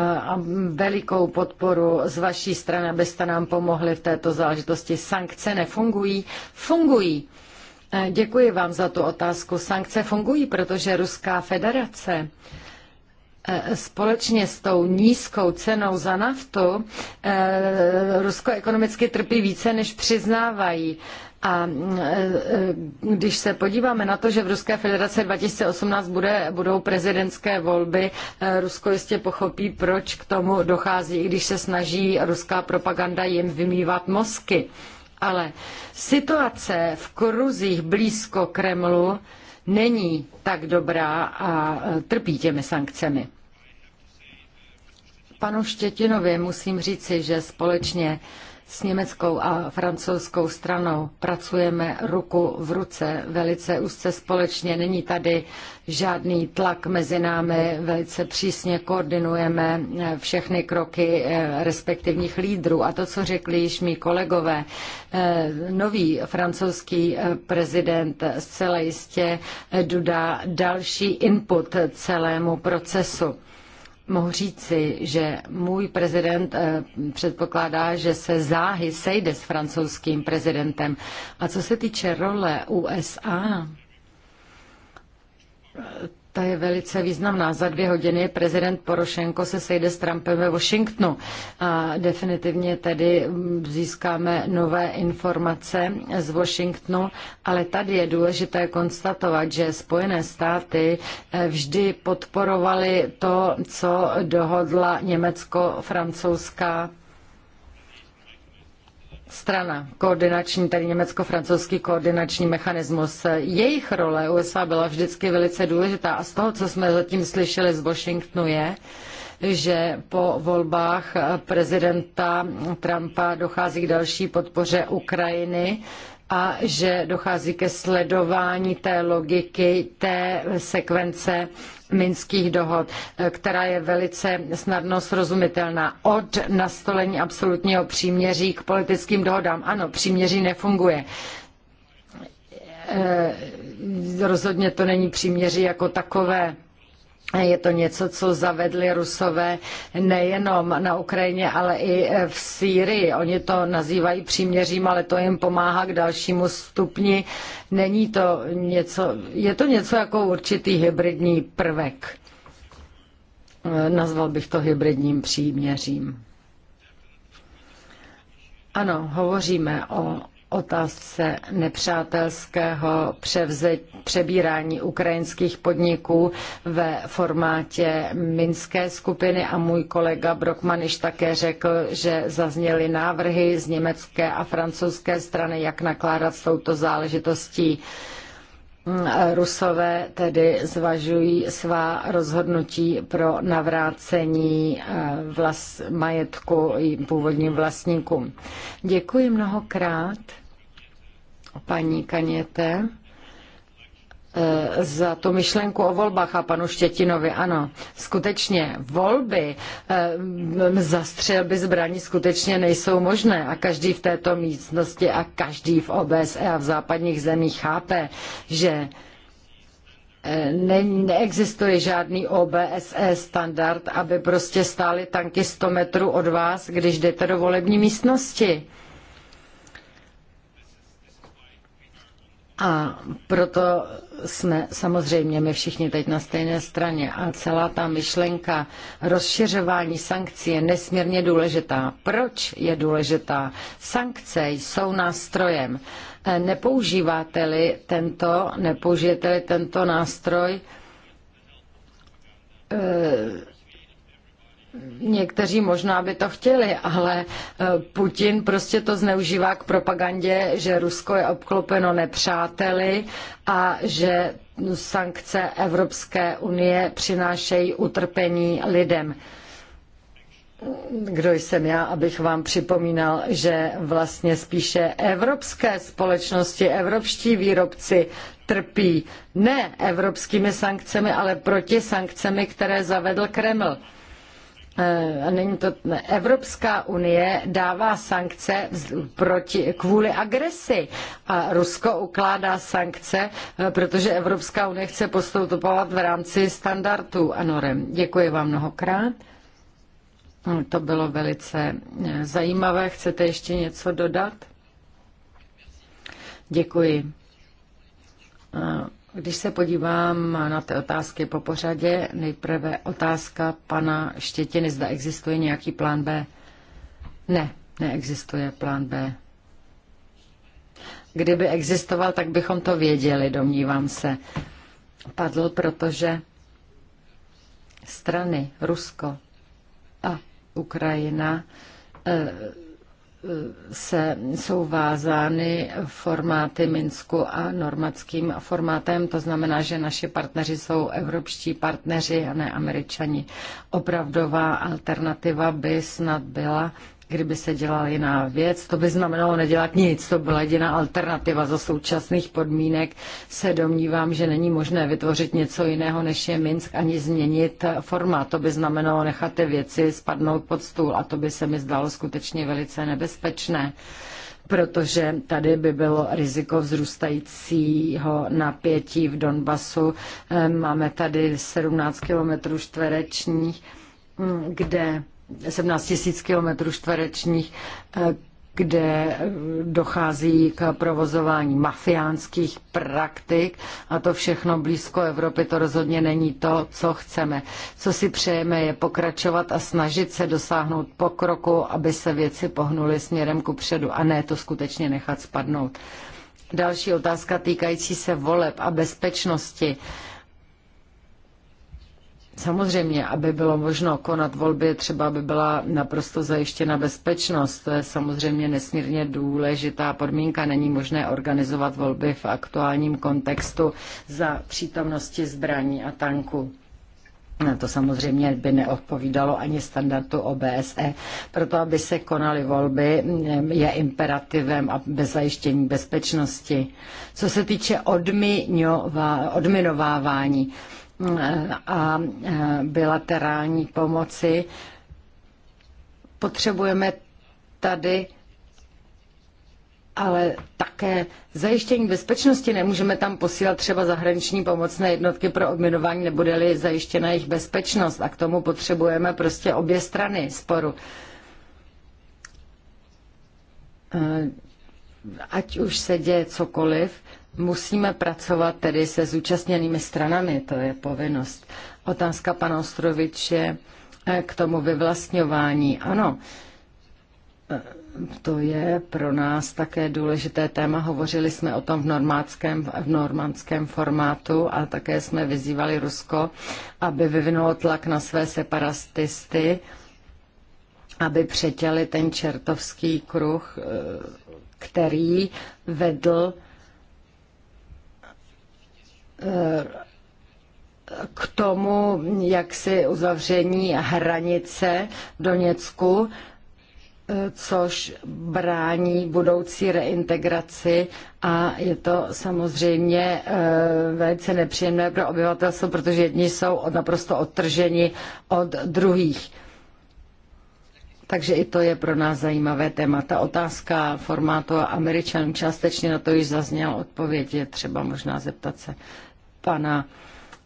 velikou podporu z vaší strany, abyste nám pomohli v této záležitosti. Sankce nefungují? Fungují E, děkuji vám za tu otázku. Sankce fungují, protože Ruská federace e, společně s tou nízkou cenou za naftu e, Rusko ekonomicky trpí více, než přiznávají. A když se podíváme na to, že v Ruské federaci 2018 bude, budou prezidentské volby, Rusko jistě pochopí, proč k tomu dochází, i když se snaží ruská propaganda jim vymývat mozky ale situace v kruzích blízko Kremlu není tak dobrá a e, trpí těmi sankcemi. Panu Štětinovi musím říci, že společně s německou a francouzskou stranou pracujeme ruku v ruce, velice úzce společně. Není tady žádný tlak mezi námi, velice přísně koordinujeme eh, všechny kroky eh, respektivních lídrů. A to, co řekli již mý kolegové, eh, nový francouzský prezident zcela jistě dodá další input celému procesu mohu říci, že můj prezident eh, předpokládá, že se záhy sejde s francouzským prezidentem. A co se týče role USA, ta je velice významná. Za dvě hodiny prezident Porošenko se sejde s Trumpem ve Washingtonu a definitivně tedy získáme nové informace z Washingtonu, ale tady je důležité konstatovat, že Spojené státy eh, vždy podporovaly to, co dohodla Německo-francouzská strana koordinační, tedy německo-francouzský koordinační mechanismus. Jejich role USA byla vždycky velice důležitá a z toho, co jsme zatím slyšeli z Washingtonu, je, že po volbách prezidenta Trumpa dochází k další podpoře Ukrajiny a že dochází ke sledování té logiky, té sekvence minských dohod, eh, která je velice snadno srozumitelná. Od nastolení absolutního příměří k politickým dohodám. Ano, příměří nefunguje eh, rozhodně to není příměří jako takové je to něco, co zavedli rusové nejenom na Ukrajině, ale i v Sýrii. Oni to nazývají příměřím, ale to jim pomáhá k dalšímu stupni. Není to něco, je to něco jako určitý hybridní prvek. Nazval bych to hybridním příměřím. Ano, hovoříme o otázce nepřátelského převzeť, přebírání ukrajinských podniků ve formátě Minské skupiny a můj kolega Brokman již také řekl, že zazněly návrhy z německé a francouzské strany, jak nakládat s touto záležitostí. Rusové tedy zvažují svá rozhodnutí pro navrácení eh, majetku majetku původním vlastníkům. Děkuji mnohokrát paní Kaněte eh, za tu myšlenku o volbách a panu Štětinovi. Ano, skutečně volby eh, zastřel by zbraní skutečně nejsou možné a každý v této místnosti a každý v OBSE a v západních zemích chápe, že eh, ne, neexistuje žádný OBSE standard, aby prostě stály tanky 100 metrů od vás, když jdete do volební místnosti. A proto jsme samozřejmě my všichni teď na stejné straně a celá ta myšlenka rozšiřování sankcí je nesmírně důležitá. Proč je důležitá? Sankce jsou nástrojem. E, nepoužíváte-li tento, nepoužijete-li tento nástroj, e, Někteří možná by to chtěli, ale eh, Putin prostě to zneužívá k propagandě, že Rusko je obklopeno nepřáteli a že sankce Evropské unie přinášejí utrpení lidem. Kdo jsem já, abych vám připomínal, že vlastně spíše evropské společnosti, evropští výrobci trpí ne evropskými sankcemi, ale proti sankcemi, které zavedl Kreml. Eh, není to, Evropská unie dává sankce proti, kvůli agresi a Rusko ukládá sankce, eh, protože Evropská unie chce postupovat v rámci standardů a norem. Děkuji vám mnohokrát. No, to bylo velice eh, zajímavé. Chcete ještě něco dodat? Děkuji. Když se podívám na ty otázky po pořadě, nejprve otázka pana Štětiny, zda existuje nějaký plán B. Ne, neexistuje plán B. Kdyby existoval, tak bychom to věděli, domnívám se. Padl, protože strany Rusko a Ukrajina eh, se, jsou vázány formáty Minsku a normatským formátem. To znamená, že naši partneři jsou evropští partneři a ne američani. Opravdová alternativa by snad byla Kdyby se dělala jiná věc, to by znamenalo nedělat nic. To byla jediná alternativa za současných podmínek. Se domnívám, že není možné vytvořit něco jiného, než je Minsk, ani změnit formát. To by znamenalo nechat ty věci spadnout pod stůl a to by se mi zdálo skutečně velice nebezpečné protože tady by bylo riziko vzrůstajícího napětí v Donbasu. Ehm, máme tady 17 kilometrů čtverečních, mm, kde 17 000 km čtverečních, eh, kde eh, dochází k provozování mafiánských praktik a to všechno blízko Evropy, to rozhodně není to, co chceme. Co si přejeme je pokračovat a snažit se dosáhnout pokroku, aby se věci pohnuly směrem ku předu a ne to skutečně nechat spadnout. Další otázka týkající se voleb a bezpečnosti. Uh, Samozřejmě, aby bylo možno konat volby, třeba aby byla naprosto zajištěna bezpečnost. To je samozřejmě nesmírně důležitá podmínka. Není možné organizovat volby v aktuálním kontextu za přítomnosti zbraní a tanků. To samozřejmě by neodpovídalo ani standardu OBSE. Proto, aby se konaly volby, je imperativem a bez zajištění bezpečnosti. Co se týče odminovávání, a bilaterální pomoci. Potřebujeme tady ale také zajištění bezpečnosti. Nemůžeme tam posílat třeba zahraniční pomocné jednotky pro odminování, nebude-li zajištěna jejich bezpečnost. A k tomu potřebujeme prostě obě strany sporu. E, ať už se děje cokoliv, Musíme pracovat tedy se zúčastněnými stranami, to je povinnost. Otázka pana Ostroviče eh, k tomu vyvlastňování. Ano, eh, to je pro nás také důležité téma. Hovořili jsme o tom v normandském, v normandském formátu a také jsme vyzývali Rusko, aby vyvinulo tlak na své separatisty, aby přetěli ten čertovský kruh, eh, který vedl k tomu, jak si uzavření hranice v Doněcku, eh, což brání budoucí reintegraci a je to samozřejmě eh, velice nepříjemné pro obyvatelstvo, protože jedni jsou naprosto odtrženi od druhých. Takže i to je pro nás zajímavé téma. Ta otázka formátu američanů částečně na to již zazněla odpověď, je třeba možná zeptat se pana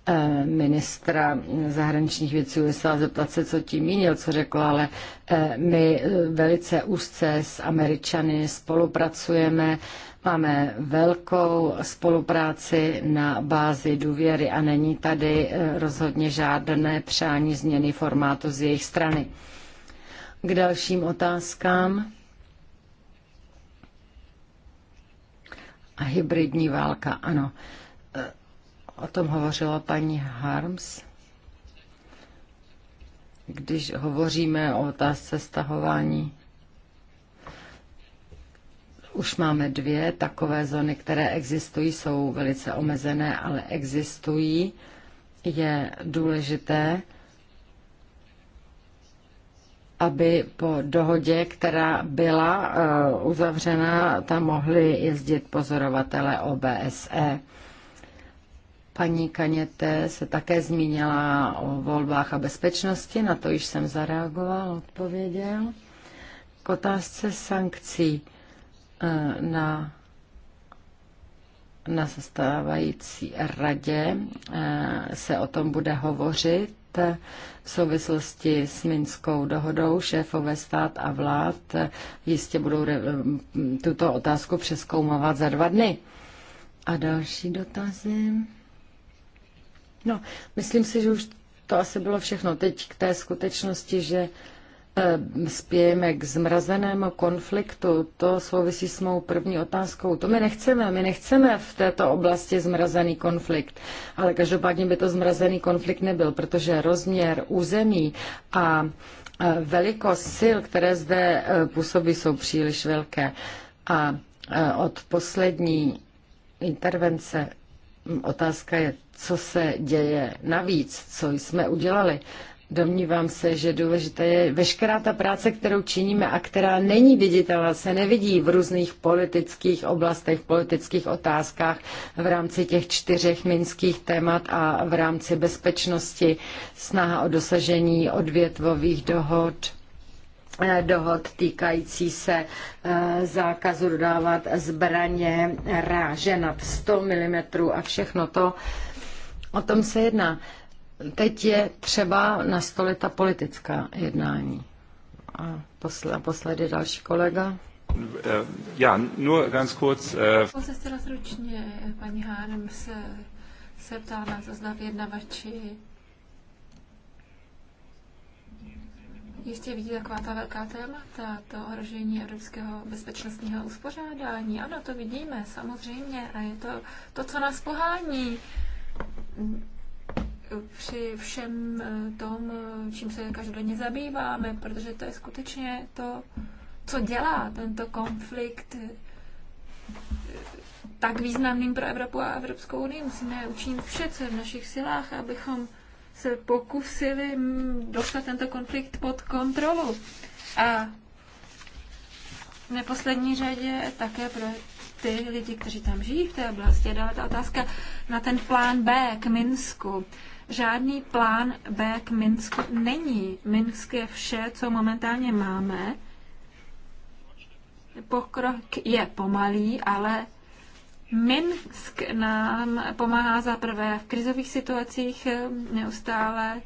eh, ministra zahraničních věcí USA zeptat se, co tím mínil, co řekl, ale eh, my eh, velice úzce s Američany spolupracujeme, máme velkou spolupráci na bázi důvěry a není tady rozhodně žádné přání změny formátu z jejich strany. K dalším otázkám. A hybridní válka, ano. O tom hovořila paní Harms. Když hovoříme o otázce stahování, už máme dvě takové zóny, které existují, jsou velice omezené, ale existují. Je důležité, aby po dohodě, která byla eh, uzavřena, tam mohli jezdit pozorovatele OBSE. Paní Kaněte se také zmínila o volbách a bezpečnosti, na to již jsem zareagoval, odpověděl. K otázce sankcí eh, na na zastávající radě eh, se o tom bude hovořit eh, v souvislosti s Minskou dohodou. Šéfové stát a vlád jistě budou tuto otázku přeskoumovat za dva dny. A další dotazy? No, myslím si, že už to asi bylo všechno. Teď k té skutečnosti, že eh, spějeme k zmrazenému konfliktu, to souvisí s mou první otázkou. To my nechceme, my nechceme v této oblasti zmrazený konflikt, ale každopádně by to zmrazený konflikt nebyl, protože rozměr území a eh, velikost sil, které zde eh, působí, jsou příliš velké. A od poslední intervence Otázka je, co se děje navíc, co jsme udělali. Domnívám se, že důležité je veškerá ta práce, kterou činíme a která není viditelná, se nevidí v různých politických oblastech, politických otázkách v rámci těch čtyřech minských témat a v rámci bezpečnosti, snaha o dosažení odvětvových dohod Eh, dohod týkající se eh, zákazu dodávat zbraně ráže nad 100 mm a všechno to. O tom se jedná. Teď je třeba stole ta politická jednání. A posle, další kolega. Eh, já, nur ganz kurz. Pouze stručně, paní Hánem se, se ptá na to, zda jistě vidí taková ta velká témata, to ohrožení evropského bezpečnostního uspořádání. Ano, to vidíme, samozřejmě, a je to to, co nás pohání při všem eh, tom, eh, čím se každodenně zabýváme, protože to je skutečně to, co dělá tento konflikt eh, tak významným pro Evropu a Evropskou unii. Musíme učinit vše, co je v našich silách, abychom se pokusili mm, dostat tento konflikt pod kontrolu. A v neposlední řadě také pro ty lidi, kteří tam žijí v té oblasti, je ta otázka na ten plán B k Minsku. Žádný plán B k Minsku není. Minsk je vše, co momentálně máme. Pokrok je pomalý, ale Minsk nám pomáhá zaprvé v krizových situacích neustále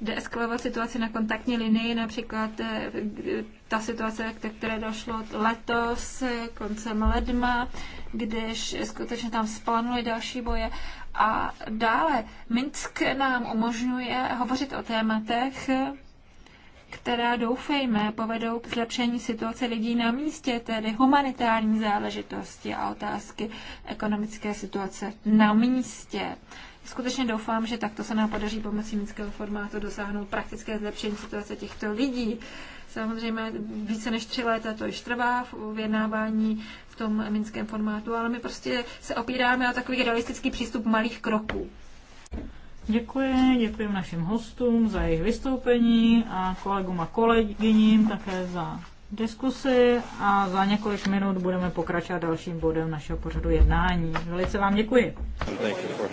deeskalovat situaci na kontaktní linii, například eh, ta situace, ke které došlo letos, eh, koncem ledna, když skutečně tam splanuly další boje. A dále Minsk nám umožňuje hovořit o tématech, která doufejme povedou k zlepšení situace lidí na místě, tedy humanitární záležitosti a otázky ekonomické situace na místě. Skutečně doufám, že takto se nám podaří pomocí minského formátu dosáhnout praktické zlepšení situace těchto lidí. Samozřejmě více než tři léta to již trvá v vyjednávání v tom minském formátu, ale my prostě se opíráme o takový realistický přístup malých kroků. Děkuji, děkuji našim hostům za jejich vystoupení a kolegům a kolegyním také za diskusy a za několik minut budeme pokračovat dalším bodem našeho pořadu jednání. Velice vám děkuji.